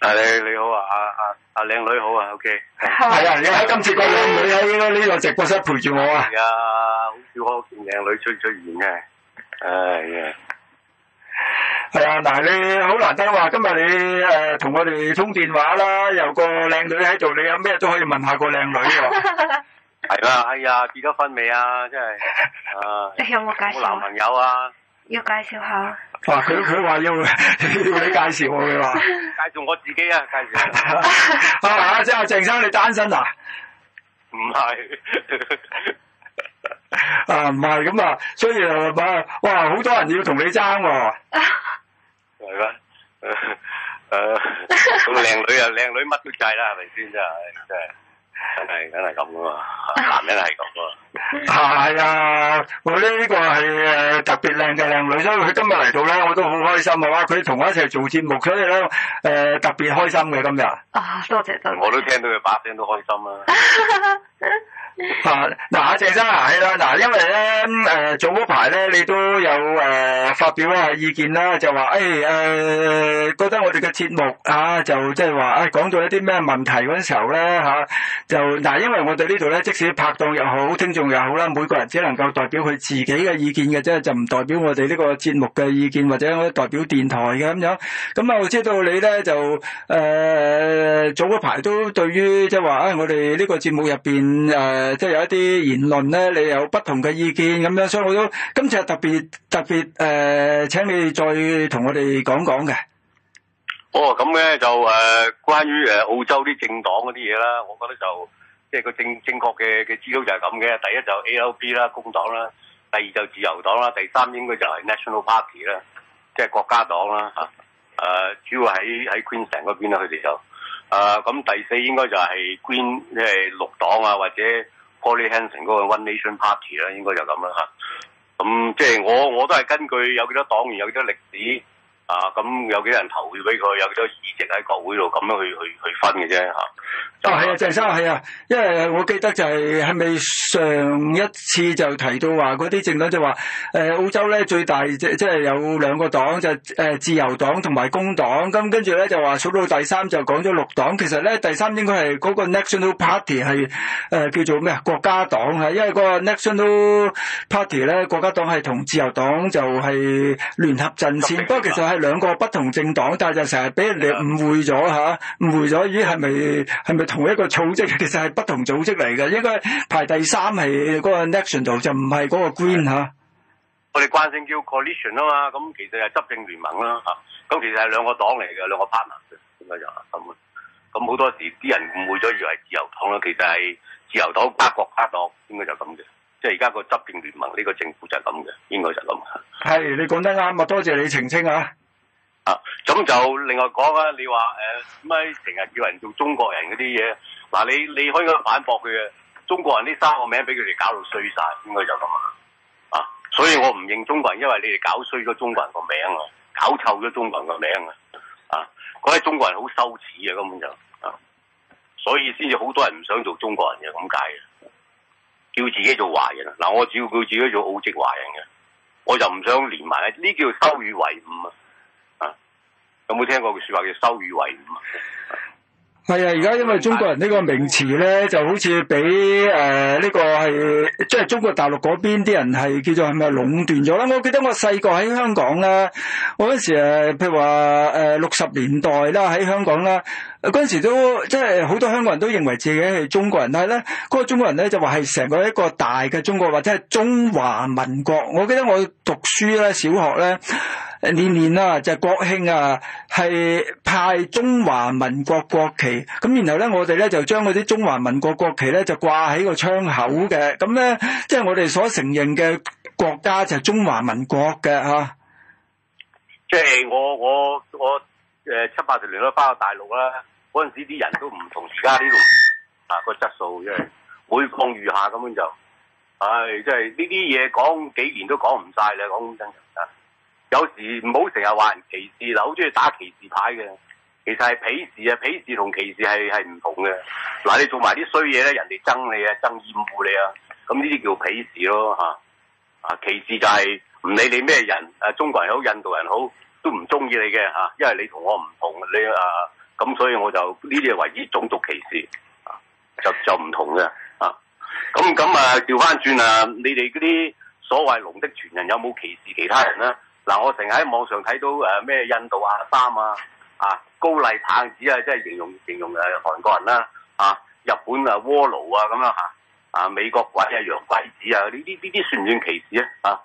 係你好啊，阿阿阿靚女好啊，OK。係。係啊，你喺今次個靚女喺呢個直播室陪住我啊。係啊，好少可見靚女出出現嘅。係啊。係啊，但係，你好難得話，今日你誒同我哋通電話啦，有個靚女喺度，你有咩都可以問下個靚女。係啦、啊，哎呀，結咗婚未啊？真係，你有冇介紹？男朋友啊？要介紹下。哇，佢佢話要， 要你介紹我佢話， 介紹我自己啊，介紹、 啊。啊，即係鄭生，你單身啊？唔係不是， 啊唔係咁啊，所以啊，哇，好多人要同你爭喎、啊。係 咩？啊，咁、那、靚、個、女啊，靚女乜都計啦，係咪先？真係，真係。梗係梗係咁㗎嘛，男人係咁啊，係啊，我呢個係誒特別靚嘅靚女，所以佢今日嚟到咧，我都好開心啊！佢同我一齊做節目，所以咧誒、呃、特別開心嘅今日。啊，多謝多謝。我都聽到佢把聲都開心啊！ 啊嗱，謝生，係、啊、啦，嗱、啊，因為咧誒、呃、早嗰排咧，你都有誒、呃、發表一下意見啦，就話誒、哎呃、覺得我哋嘅節目嚇、啊、就即係話誒講咗一啲咩問題嗰陣時候咧嚇、啊、就嗱、啊，因為我哋呢度咧，即使拍檔又好，聽眾又好啦，每個人只能夠代表佢自己嘅意見嘅啫，就唔代表我哋呢個節目嘅意見或者我代表電台嘅咁樣。咁啊，我知道你咧就誒、呃、早嗰排都對於即係話我哋呢個節目入邊誒。呃誒，即係有一啲言論咧，你有不同嘅意見咁樣，所以我都今次係特別特別誒、呃，請你再同我哋講講嘅。哦，咁咧就誒、呃，關於誒澳洲啲政黨嗰啲嘢啦，我覺得就即係個正正確嘅嘅資料就係咁嘅。第一就 ALP 啦，工黨啦；第二就自由黨啦；第三應該就係 National Party 啦，即係國家黨啦。吓、啊、誒，主要喺喺 Queensland 嗰邊啦，佢哋就誒咁、呃、第四應該就係 Green 即係綠黨啊，或者。嗰個 One Nation Party 啦，應該就咁啦吓。咁即係我我都係根據有幾多黨員，有幾多歷史。啊，咁有幾人投票俾佢？有幾多議席喺國會度咁樣去去去分嘅啫嚇。喔、啊，係啊，鄭生係啊，因為我記得就係係咪上一次就提到話嗰啲政黨就話，誒澳洲咧最大即係有兩個黨，就係誒自由黨同埋工黨。咁跟住咧就話數到第三就講咗六黨。其實咧第三應該係嗰個 National Party 係誒、呃、叫做咩啊？國家黨啊，因為個 National Party 咧國家黨係同自由黨就係聯合陣線。不過其實係。兩個不同政黨，但係就成日俾你誤會咗吓，誤會咗，咦，係咪係咪同一個組織？其實係不同組織嚟嘅。應該排第三係嗰個 National 就唔係嗰個 Green 吓的。啊、我哋慣性叫 Coalition 啊嘛，咁其實係執政聯盟啦吓。咁其實係兩個黨嚟嘅，兩個 partner。應該就係咁啊。咁好多時啲人誤會咗，以為自由黨啦，其實係自由黨加國家黨。應該就咁嘅，即係而家個執政聯盟呢個政府就係咁嘅，應該就咁。係你講得啱啊！多謝你澄清啊。啊，咁就另外講啦、啊。你話誒，咪成日叫人做中國人嗰啲嘢，嗱、啊、你你可以反駁佢嘅。中國人呢三個名俾佢哋搞到衰晒，應該就咁啦。啊，所以我唔認中國人，因為你哋搞衰咗中國人個名啊，搞臭咗中國人個名啊。啊，講起中國人好羞恥啊，根本就啊，所以先至好多人唔想做中國人嘅咁解嘅，叫自己做華人。嗱、啊，我只要叫自己做澳籍華人嘅，我就唔想連埋，呢叫羞與為伍啊。有冇聽過佢說話叫收與為咁啊？係啊，而家因為中國人呢個名詞咧，就好似俾誒呢個係即係中國大陸嗰邊啲人係叫做係咪壟斷咗啦？我記得我細個喺香港咧，我嗰陣時誒譬如話誒六十年代啦，喺香港咧。嗰陣時都即係好多香港人都認為自己係中國人，但係咧嗰個中國人咧就話係成個一個大嘅中國或者係中華民國。我記得我讀書咧，小學咧年年啊，就係、國慶啊，係派中華民國國旗。咁然後咧，我哋咧就將嗰啲中華民國國旗咧就掛喺個窗口嘅。咁咧即係我哋所承認嘅國家就係中華民國嘅嚇。即、啊、係我我我誒、呃、七八十年都翻到大陸啦。嗰陣時啲人都唔同而家呢度啊個質素，因為每況愈下咁樣就，唉，即係呢啲嘢講幾年都講唔晒。你講真嘅。有時唔好成日話人歧視啦，好中意打歧視牌嘅，其實係鄙視啊，鄙視同歧視係係唔同嘅。嗱，你做埋啲衰嘢咧，人哋憎你啊，憎厭惡你啊，咁呢啲叫鄙視咯嚇。啊，歧視就係唔理你咩人，誒中國人好，印度人好，都唔中意你嘅嚇，因為你同我唔同，你誒。咁所以我就呢啲係為之種族歧視，就就唔同嘅啊！咁咁啊，調翻轉啊，你哋嗰啲所謂龍的傳人有冇歧視其他人咧？嗱、啊，我成日喺網上睇到誒咩、啊、印度阿三啊，啊高麗棒子啊，即係形容形容誒韓國人啦、啊，啊日本啊鍋爐啊咁樣嚇，啊，啊美國鬼啊洋鬼子啊，呢啲呢啲算唔算歧視啊？啊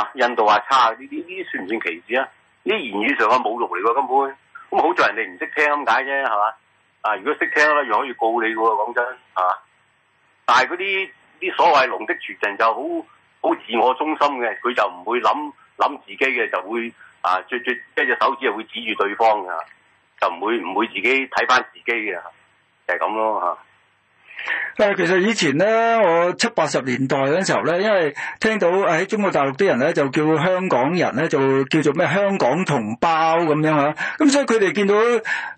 啊印度阿、啊、差呢啲呢啲算唔算歧視啊？呢言語上嘅侮辱嚟嘅根本。咁好在人哋唔識聽咁解啫，係嘛？啊，如果識聽咧，又可以告你嘅喎。講真，係嘛？啊，但係嗰啲啲所謂龍的傳人就好好自我中心嘅，佢就唔會諗諗自己嘅，就會啊，絕絕一隻手指啊會指住對方嘅，就唔會唔會自己睇翻自己嘅，就係咁咯吓。啊誒，其實以前咧，我七八十年代嗰陣時候咧，因為聽到喺中國大陸啲人咧就叫香港人咧，就叫做咩香港同胞咁樣吓，咁、啊嗯、所以佢哋見到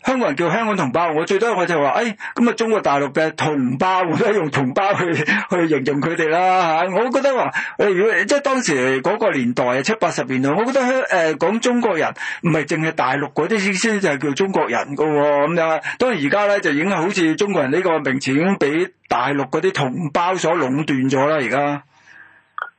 香港人叫香港同胞，我最多我就話誒，咁、哎、啊中國大陸嘅同胞，我都用同胞去去形容佢哋啦吓。我覺得話誒，如、呃、果即係當時嗰個年代啊，七八十年代，我覺得香誒講中國人唔係淨係大陸嗰啲先就係叫中國人㗎，咁、啊、樣、嗯。當然而家咧就已經好似中國人呢個名詞已經畀。啲大陸嗰啲同胞所壟斷咗啦，而家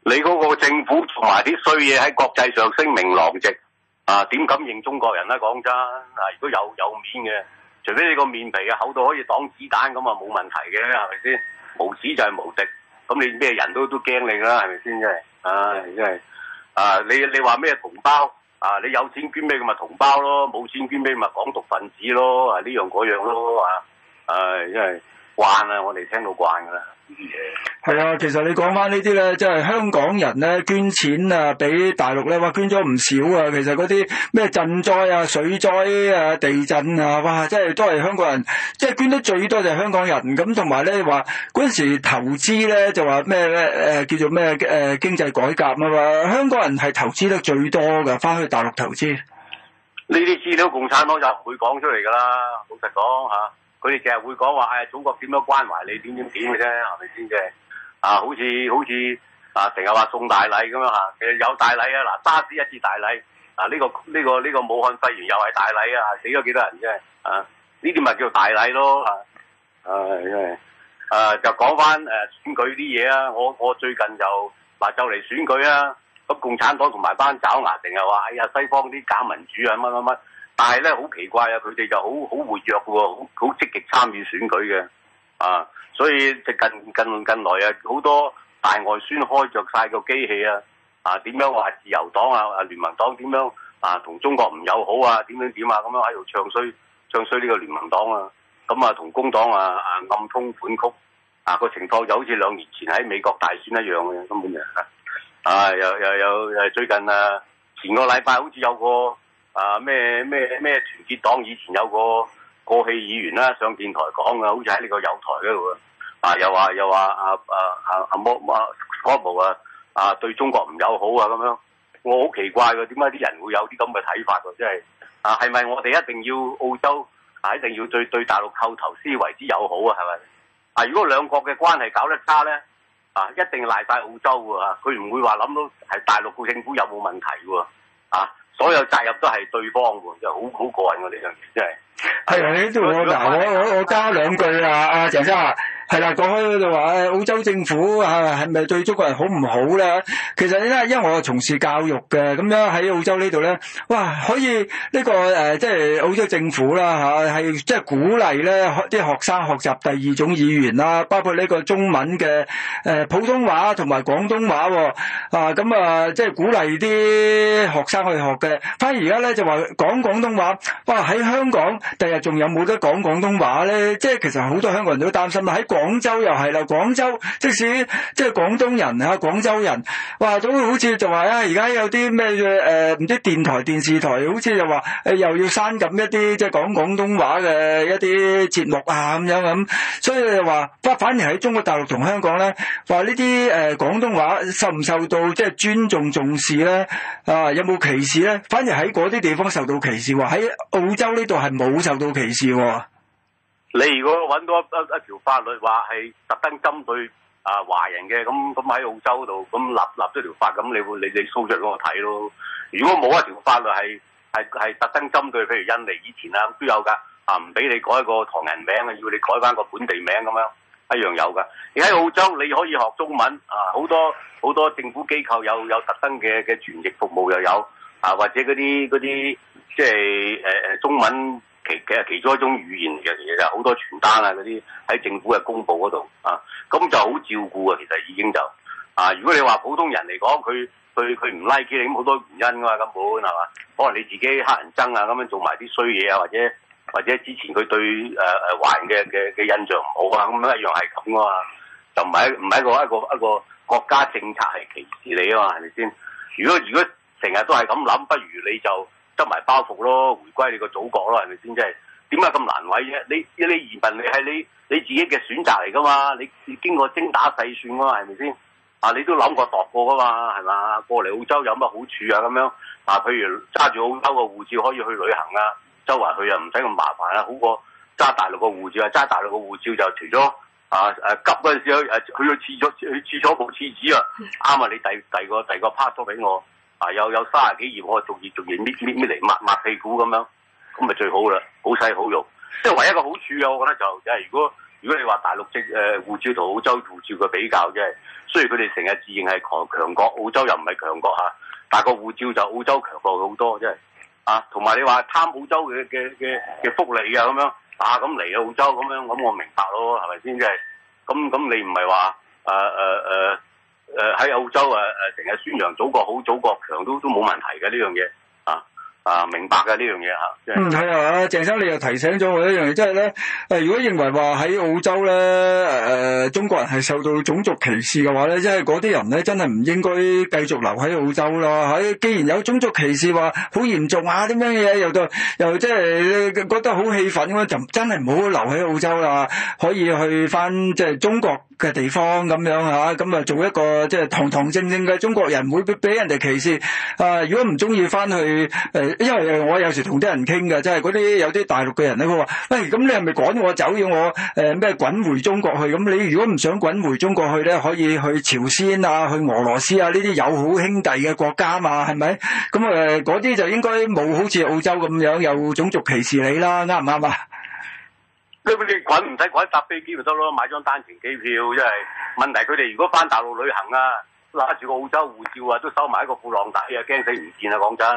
你嗰個政府同埋啲衰嘢喺國際上聲名狼藉啊，點敢認中國人啦？講真啊，如果有有面嘅，除非你個面皮啊厚到可以擋子彈咁啊，冇問題嘅係咪先？無恥就係無敵，咁你咩人都都驚你啦，係咪先？真係，唉，真係啊！你你話咩同胞啊？你有錢捐俾咪同胞咯，冇錢捐俾咪港獨分子咯，係呢樣嗰樣咯，係，真係。啊慣啦，我哋聽到慣噶啦呢啲嘢。係、yeah. 啊，其實你講翻呢啲咧，即、就、係、是、香港人咧捐錢啊，俾大陸咧，哇捐咗唔少啊。其實嗰啲咩震災啊、水災啊、地震啊，哇，即係都係香港人，即係捐得最多就係香港人。咁同埋咧，話嗰陣時投資咧，就話咩咧誒，叫做咩誒、呃、經濟改革啊嘛，香港人係投資得最多噶，翻去大陸投資。呢啲資料共產黨就唔會講出嚟噶啦，老實講吓。啊佢哋淨係會講話，誒、哎，祖國點樣關懷你，點點點嘅啫，係咪先啫？啊，好似好似啊，成日話送大禮咁樣嚇、啊，其實有大禮啊，嗱，沙士一次大禮，嗱、啊、呢、呢個呢、呢個呢、呢個武漢肺炎又係大禮啊，死咗幾多人啫？啊，呢啲咪叫大禮咯啊，因、啊、為啊，就講翻誒選舉啲嘢啊，我我最近就嗱、啊、就嚟選舉啊，咁共產黨同埋班爪牙成日話，哎呀，西方啲假民主啊，乜乜乜。但係咧好奇怪啊！佢哋就好好活躍嘅、啊、喎，好好積極參與選舉嘅啊！所以就近近近來啊，好多大外宣開着晒個機器啊啊！點樣話自由黨啊啊聯盟黨點樣啊同中國唔友好啊？點樣點啊咁樣喺度唱衰唱衰呢個聯盟黨啊！咁啊同工黨啊啊暗通款曲啊個、啊、情況就好似兩年前喺美國大選一樣嘅，根本就啊又又有誒最近啊前個禮拜好似有個。啊！咩咩咩！團結黨以前有個過氣議員啦、啊，上電台講啊，好似喺呢個友台嗰度啊，又話又話啊啊啊啊莫莫柯慕啊啊，啊，啊，對中國唔友好啊咁樣。我好奇怪嘅，點解啲人會有啲咁嘅睇法嘅？即係啊，係咪我哋一定要澳洲啊，一定要對對大陸叩頭思維之友好啊？係咪啊？如果兩國嘅關係搞得差咧啊，一定賴晒澳洲噶，佢唔會話諗到係大陸個政府有冇問題嘅喎啊！所有責任都係對方喎，就係好好過癮我、啊我，我哋樣嘢真啊，係，都我嗱我我我加兩句啊，阿鄭生啊。係啦，講開嗰度話，澳洲政府啊係咪對中國人好唔好咧？其實因因為我係從事教育嘅，咁樣喺澳洲呢度咧，哇可以呢、呢個誒，即、呃、係、就是、澳洲政府啦嚇，係即係鼓勵咧啲學生學習第二種語言啦，包括呢個中文嘅誒、呃、普通話同埋廣東話喎啊咁啊，即、嗯、係、啊就是、鼓勵啲學生去學嘅。反而而家咧就話講廣東話，哇喺香港第日仲有冇得講廣東話咧？即、就、係、是、其實好多香港人都擔心，喺廣州又係啦，廣州即使即係廣東人嚇，廣州人話都好似就話啊，而家有啲咩誒唔知電台電視台，好似又話誒又要刪減一啲即係講廣東話嘅一啲節目啊咁樣咁，所以就話不反而喺中國大陸同香港咧話呢啲誒、呃、廣東話受唔受到即係尊重重視咧啊，有冇歧視咧？反而喺嗰啲地方受到歧視喎，喺澳洲呢度係冇受到歧視喎。你如果揾到一一一條法律話係特登針對啊華人嘅，咁咁喺澳洲度咁立立咗條法，咁你會你你搜著我睇咯。如果冇一條法律係係係特登針對，譬如印尼以前啊都有㗎，啊唔俾你改個唐人名啊，要你改返個本地名咁樣一樣有㗎。而喺澳洲你可以學中文啊，好多好多政府機構有有特登嘅嘅傳譯服務又有啊，或者嗰啲啲即係誒誒中文。其其其中一種語言嚟嘅，其實就好多傳單啊嗰啲喺政府嘅公佈嗰度啊，咁就好照顧啊。其實已經就啊，如果你話普通人嚟講，佢佢佢唔 like 你咁好多原因噶、啊、嘛，根本係嘛？可能你自己黑人憎啊，咁樣做埋啲衰嘢啊，或者或者之前佢對誒誒、呃、華人嘅嘅嘅印象唔好啊，咁樣一樣係咁噶嘛，就唔係唔係一個一個一個,一個國家政策係歧視你啊嘛，係咪先？如果如果成日都係咁諗，不如你就。執埋包袱咯，回歸你個祖國咯，係咪先？即係點解咁難為啫？你呢移民你你，你係你你自己嘅選擇嚟噶嘛？你經過精打細算啊，係咪先？啊，你都諗過度過噶嘛？係嘛？過嚟澳洲有乜好處啊？咁樣啊，譬如揸住澳洲個護照可以去旅行啊，周圍去啊，唔使咁麻煩啊，好過揸大陸個護照啊。揸大陸個護照就除咗啊誒急嗰陣時，佢要廁所，佢廁所冇廁紙啊。啱啊，啊、mm.，你第第，第，第，個第，第個第個 passport 俾我。啊！有有卅幾頁，我逐頁逐頁搣搣搣嚟抹抹屁股咁樣，咁咪最好啦，好細好用。即係唯一一個好處啊！我覺得就就係如果如果你話大陸籍誒護照同澳洲護照嘅比較啫，雖然佢哋成日自認係強強國，澳洲又唔係強國吓，但個護照就澳洲強過好多，即係啊！同埋你話貪澳洲嘅嘅嘅嘅福利啊咁樣啊，咁嚟澳洲咁樣，咁我明白咯，係咪先？即係咁咁，你唔係話誒誒誒？呃呃誒，喺、呃、澳洲誒誒，成、呃、日宣揚祖國好、祖國強都都冇問題嘅呢樣嘢，啊啊，明白嘅呢樣嘢吓。即係、嗯，係啊，鄭生，你又提醒咗我一樣嘢，即係咧誒，如果認為話喺澳洲咧誒、呃，中國人係受到種族歧視嘅話咧，即係嗰啲人咧，真係唔應該繼續留喺澳洲啦。喺、啊、既然有種族歧視，話好嚴重啊，啲咩嘢又就又即係覺得好氣憤咁，就真係唔好留喺澳洲啦，可以去翻即係中國。嘅地方咁樣嚇，咁啊做一個即係、就是、堂堂正正嘅中國人會俾人哋歧視啊、呃！如果唔中意翻去誒、呃，因為我有時同啲人傾嘅，即係嗰啲有啲大陸嘅人咧，佢話：喂、哎，咁你係咪趕我走要我誒咩、呃、滾回中國去？咁你如果唔想滾回中國去咧，可以去朝鮮啊、去俄羅斯啊呢啲友好兄弟嘅國家嘛，係咪？咁誒嗰啲就應該冇好似澳洲咁樣有種族歧視你啦，啱唔啱啊？你滾唔使滾，搭飛機咪得咯，買張單程機票。因為問題，佢哋如果翻大陸旅行啊，攞住個澳洲護照啊，都收埋一個褲浪底啊，驚死唔見啊！講真，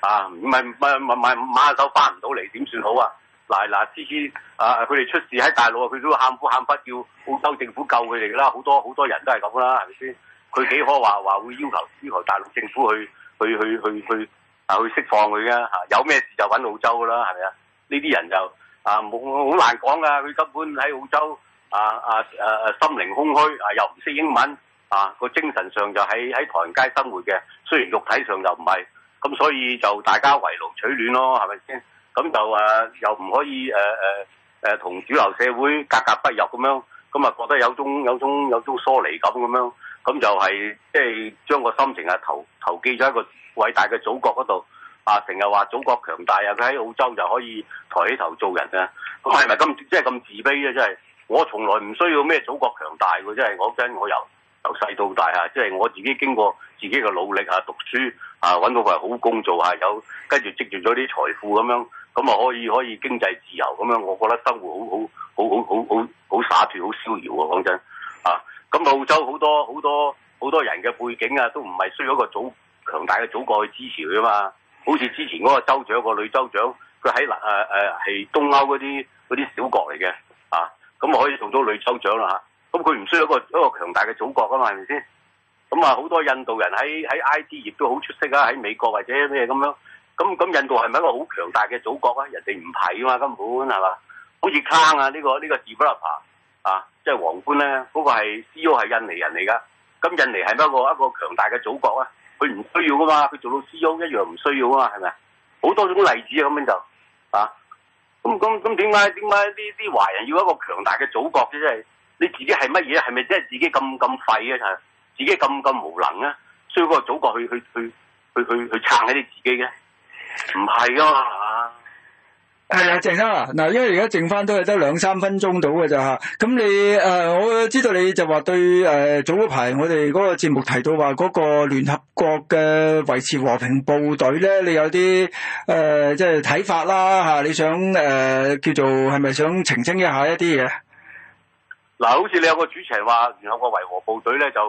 啊唔係唔係唔係唔係馬來西翻唔到嚟點算好啊？嗱嗱，次次啊，佢哋出事喺大陸，佢都喊苦喊屈，叫澳洲政府救佢哋噶啦。好多好多人都係咁啦，係咪先？佢幾可話話會要求要求大陸政府去去去去去啊去釋放佢噶嚇？有咩事就揾澳洲噶啦，係咪啊？呢啲人就～啊，冇好難講噶，佢根本喺澳洲，啊啊啊啊，心靈空虛，啊又唔識英文，啊，個精神上就喺喺唐人街生活嘅，雖然肉體上就唔係，咁所以就大家圍爐取暖咯，係咪先？咁就誒、啊，又唔可以誒誒誒，同、啊啊、主流社會格格不入咁樣，咁啊覺得有種有種有種疏離感咁樣，咁就係即係將個心情啊投投寄咗喺個偉大嘅祖國嗰度。啊！成日話祖國強大啊，佢喺澳洲就可以抬起頭做人啊，係咪咁即係咁自卑咧、啊？真、就、係、是、我從來唔需要咩祖國強大，嘅、就是。真係講真，我由由細到大嚇，即、就、係、是、我自己經過自己嘅努力嚇、啊，讀書嚇，揾、啊、到份好工做嚇、啊，有跟住積住咗啲財富咁樣，咁啊可以可以經濟自由咁樣，我覺得生活好好好好好好好灑脱、好逍遙啊！講真啊，咁澳洲好多好多好多，多人嘅背景啊，都唔係需要一個祖強大嘅祖國去支持佢啊嘛～好似之前嗰個州長個女州長，佢喺嗱誒誒係東歐嗰啲啲小國嚟嘅啊，咁可以做咗女州長啦嚇。咁佢唔需要一個一個強大嘅祖國啊嘛，係咪先？咁啊好多印度人喺喺 I T 業都好出色啊，喺美國或者咩咁樣。咁咁印度係咪一個好強大嘅祖國啊？人哋唔係啊嘛，根本係嘛？好似卡啊呢個呢個 developer 啊，即係皇冠咧，嗰個係 C E O 係印尼人嚟噶。咁印尼係咪一個一個強大嘅祖國啊？佢唔需要噶嘛，佢做老 C.O 一樣唔需要啊嘛，係咪？好多種例子咁樣就啊，咁咁咁點解點解呢啲華人要一個強大嘅祖國啫？即係你自己係乜嘢？係咪真係自己咁咁廢啊？就自己咁咁無能啊？需要個祖國去去去去去去撐起你自己嘅？唔係噶嘛？啊係啊，鄭生啊，嗱，因為而家剩翻，都係得兩三分鐘到嘅咋吓，咁你誒、呃，我知道你就話對誒、呃，早排我哋嗰個節目提到話嗰個聯合國嘅維持和平部隊咧，你有啲誒，即係睇法啦吓、啊，你想誒、呃、叫做係咪想澄清一下一啲嘢？嗱、呃，好似你有個主持人話聯合國維和部隊咧就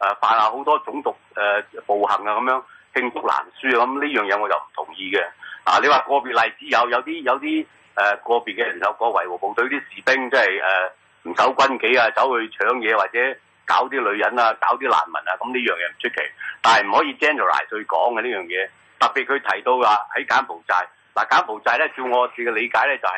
誒犯下好多種族誒、呃、暴行啊，咁樣罄竹難書啊，咁呢樣嘢我就唔同意嘅。啊！你話個別例子有有啲有啲誒、呃、個別嘅人有個維和部隊啲士兵，即係誒唔守軍紀啊，走去搶嘢或者搞啲女人啊，搞啲難民啊，咁呢樣嘢唔出奇，但係唔可以 generalize 去講嘅呢樣嘢。特別佢提到話喺柬埔寨，嗱、啊、柬埔寨咧，照我似嘅理解咧、就係，就係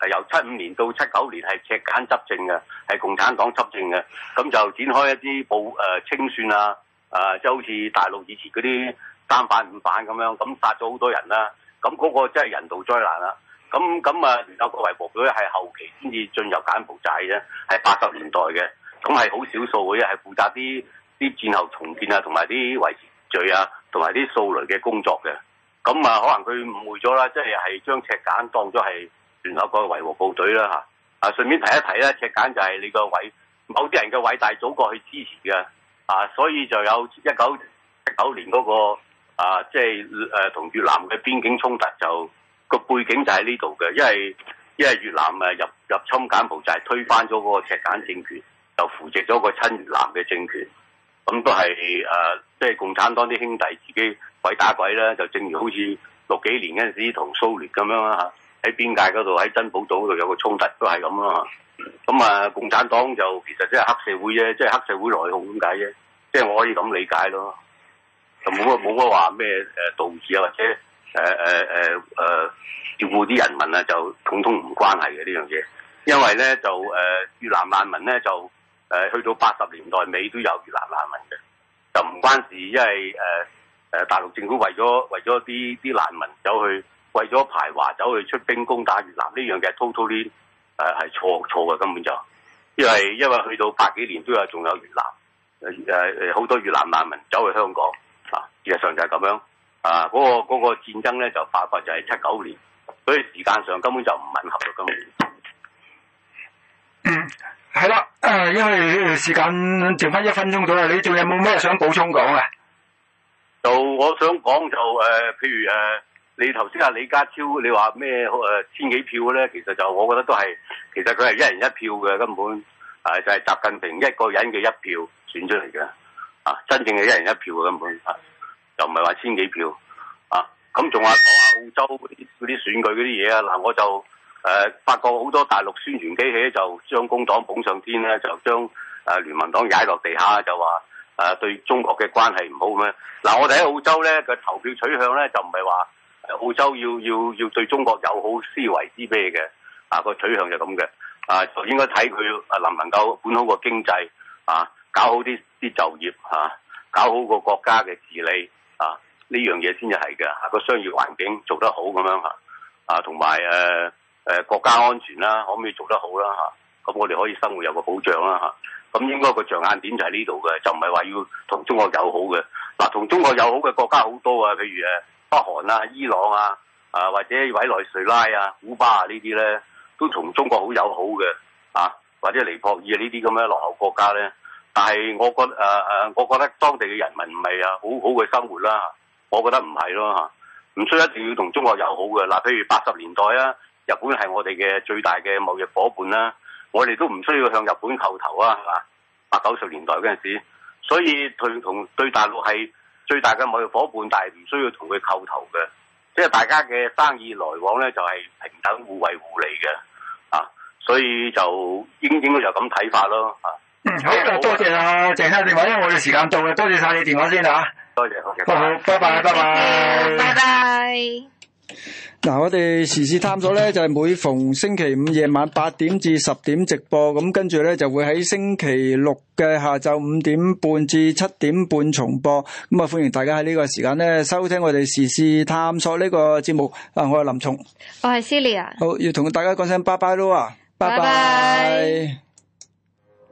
係由七五年到七九年係赤柬執政嘅，係共產黨執政嘅，咁就展開一啲暴誒清算啊，啊即係好似大陸以前嗰啲三反五反咁樣，咁殺咗好多人啦。咁嗰個真係人道災難啦。咁咁啊，聯合，啊啊就是、聯合國維和部隊係後期先至進入柬埔寨啫，係八十年代嘅。咁係好少數，佢係負責啲啲戰後重建啊，同埋啲維持秩序啊，同埋啲掃雷嘅工作嘅。咁啊，可能佢誤會咗啦，即係係將赤柬當咗係聯合國維和部隊啦吓，啊，順便提一提啦，赤柬就係你個偉某啲人嘅偉大祖國去支持嘅。啊，所以就有一九一九年嗰、那個。啊，即係誒同越南嘅邊境衝突就個背景就喺呢度嘅，因為因為越南誒入入侵柬埔寨，推翻咗嗰個赤柬政權，就扶植咗個親越南嘅政權，咁、嗯、都係誒、呃，即係共產黨啲兄弟自己鬼打鬼啦。就正如好似六幾年嗰陣時同蘇聯咁樣啦嚇，喺邊界嗰度喺珍寶島嗰度有個衝突，都係咁啦，咁啊共產黨就其實即係黑社會啫，即、就、係、是、黑社會內鬨咁解啫，即、就、係、是、我可以咁理解咯。就冇乜冇乜話咩誒導致啊，什麼什麼或者誒誒誒誒照顧啲人民啊，就統統唔關係嘅呢樣嘢。因為咧就誒、呃、越南難民咧就誒、呃、去到八十年代尾都有越南難民嘅，就唔關事，因為誒誒、呃呃、大陸政府為咗為咗啲啲難民走去為咗排華走去出兵攻打越南呢樣嘅，totally 係錯錯嘅根本就，因為因為去到八幾年都有仲有越南誒誒好多越南難民走去香港。事實上就係咁樣，啊，嗰個嗰個戰爭咧就大概就係七九年，所以時間上根本就唔吻合到今年，嗯，係啦，誒，因為時間剩翻一分鐘左右，你仲有冇咩想補充講啊？就我想講就誒，譬如誒，你頭先阿李家超你話咩誒千幾票咧？其實就我覺得都係，其實佢係一人一票嘅，根本係就係習近平一個人嘅一票選出嚟嘅，啊，真正係一人一票嘅根本。就唔係話千幾票啊！咁仲話講下澳洲嗰啲嗰啲選舉嗰啲嘢啊！嗱，我就誒、啊、發覺好多大陸宣傳機器就將工黨捧上天咧，就將誒、啊、聯盟黨踩落地下，就話誒、啊、對中國嘅關係唔好咁樣。嗱、啊，我哋喺澳洲咧嘅投票取向咧就唔係話澳洲要要要對中國友好思維之咩嘅啊個取向就咁嘅啊，應該睇佢啊能唔能夠管好個經濟啊，搞好啲啲就業啊，搞好個國家嘅治理。啊！呢樣嘢先至係嘅，個商業環境做得好咁樣吓，啊同埋誒誒國家安全啦，可唔可以做得好啦吓？咁我哋可以生活有個保障啦吓。咁應該個着眼點就喺呢度嘅，就唔係話要同中國友好嘅。嗱，同中國友好嘅國家好多啊，譬如誒北韓啊、伊朗啊，啊或者委內瑞拉啊、古巴啊呢啲咧，都同中國好友好嘅啊，或者尼泊爾呢啲咁嘅落後國家咧。但係我覺誒誒、呃，我覺得當地嘅人民唔係啊好好嘅生活啦，我覺得唔係咯吓，唔需要一定要同中國友好嘅。嗱，譬如八十年代啊，日本係我哋嘅最大嘅貿易伙伴啦，我哋都唔需要向日本叩頭啊。係嘛，八九十年代嗰陣時，所以對同對大陸係最大嘅貿易伙伴，但係唔需要同佢叩頭嘅，即係大家嘅生意來往咧就係平等互惠互利嘅啊，所以就應應該就咁睇法咯啊。好，多謝啊，鄭生的電話，因為我哋時間到啦，多謝晒你電話先吓、啊，多謝好好的，拜拜，拜拜，拜拜。嗱、啊，我哋時事探索咧就係、是，每逢星期五夜晚八點至十點直播，咁跟住咧就會喺星期六嘅下晝五點半至七點半重播，咁啊歡迎大家喺呢個時間咧收聽我哋時事探索呢個節目。啊，我係林松，我係 Celia，好要同大家講聲拜拜咯啊，拜拜，拜，拜。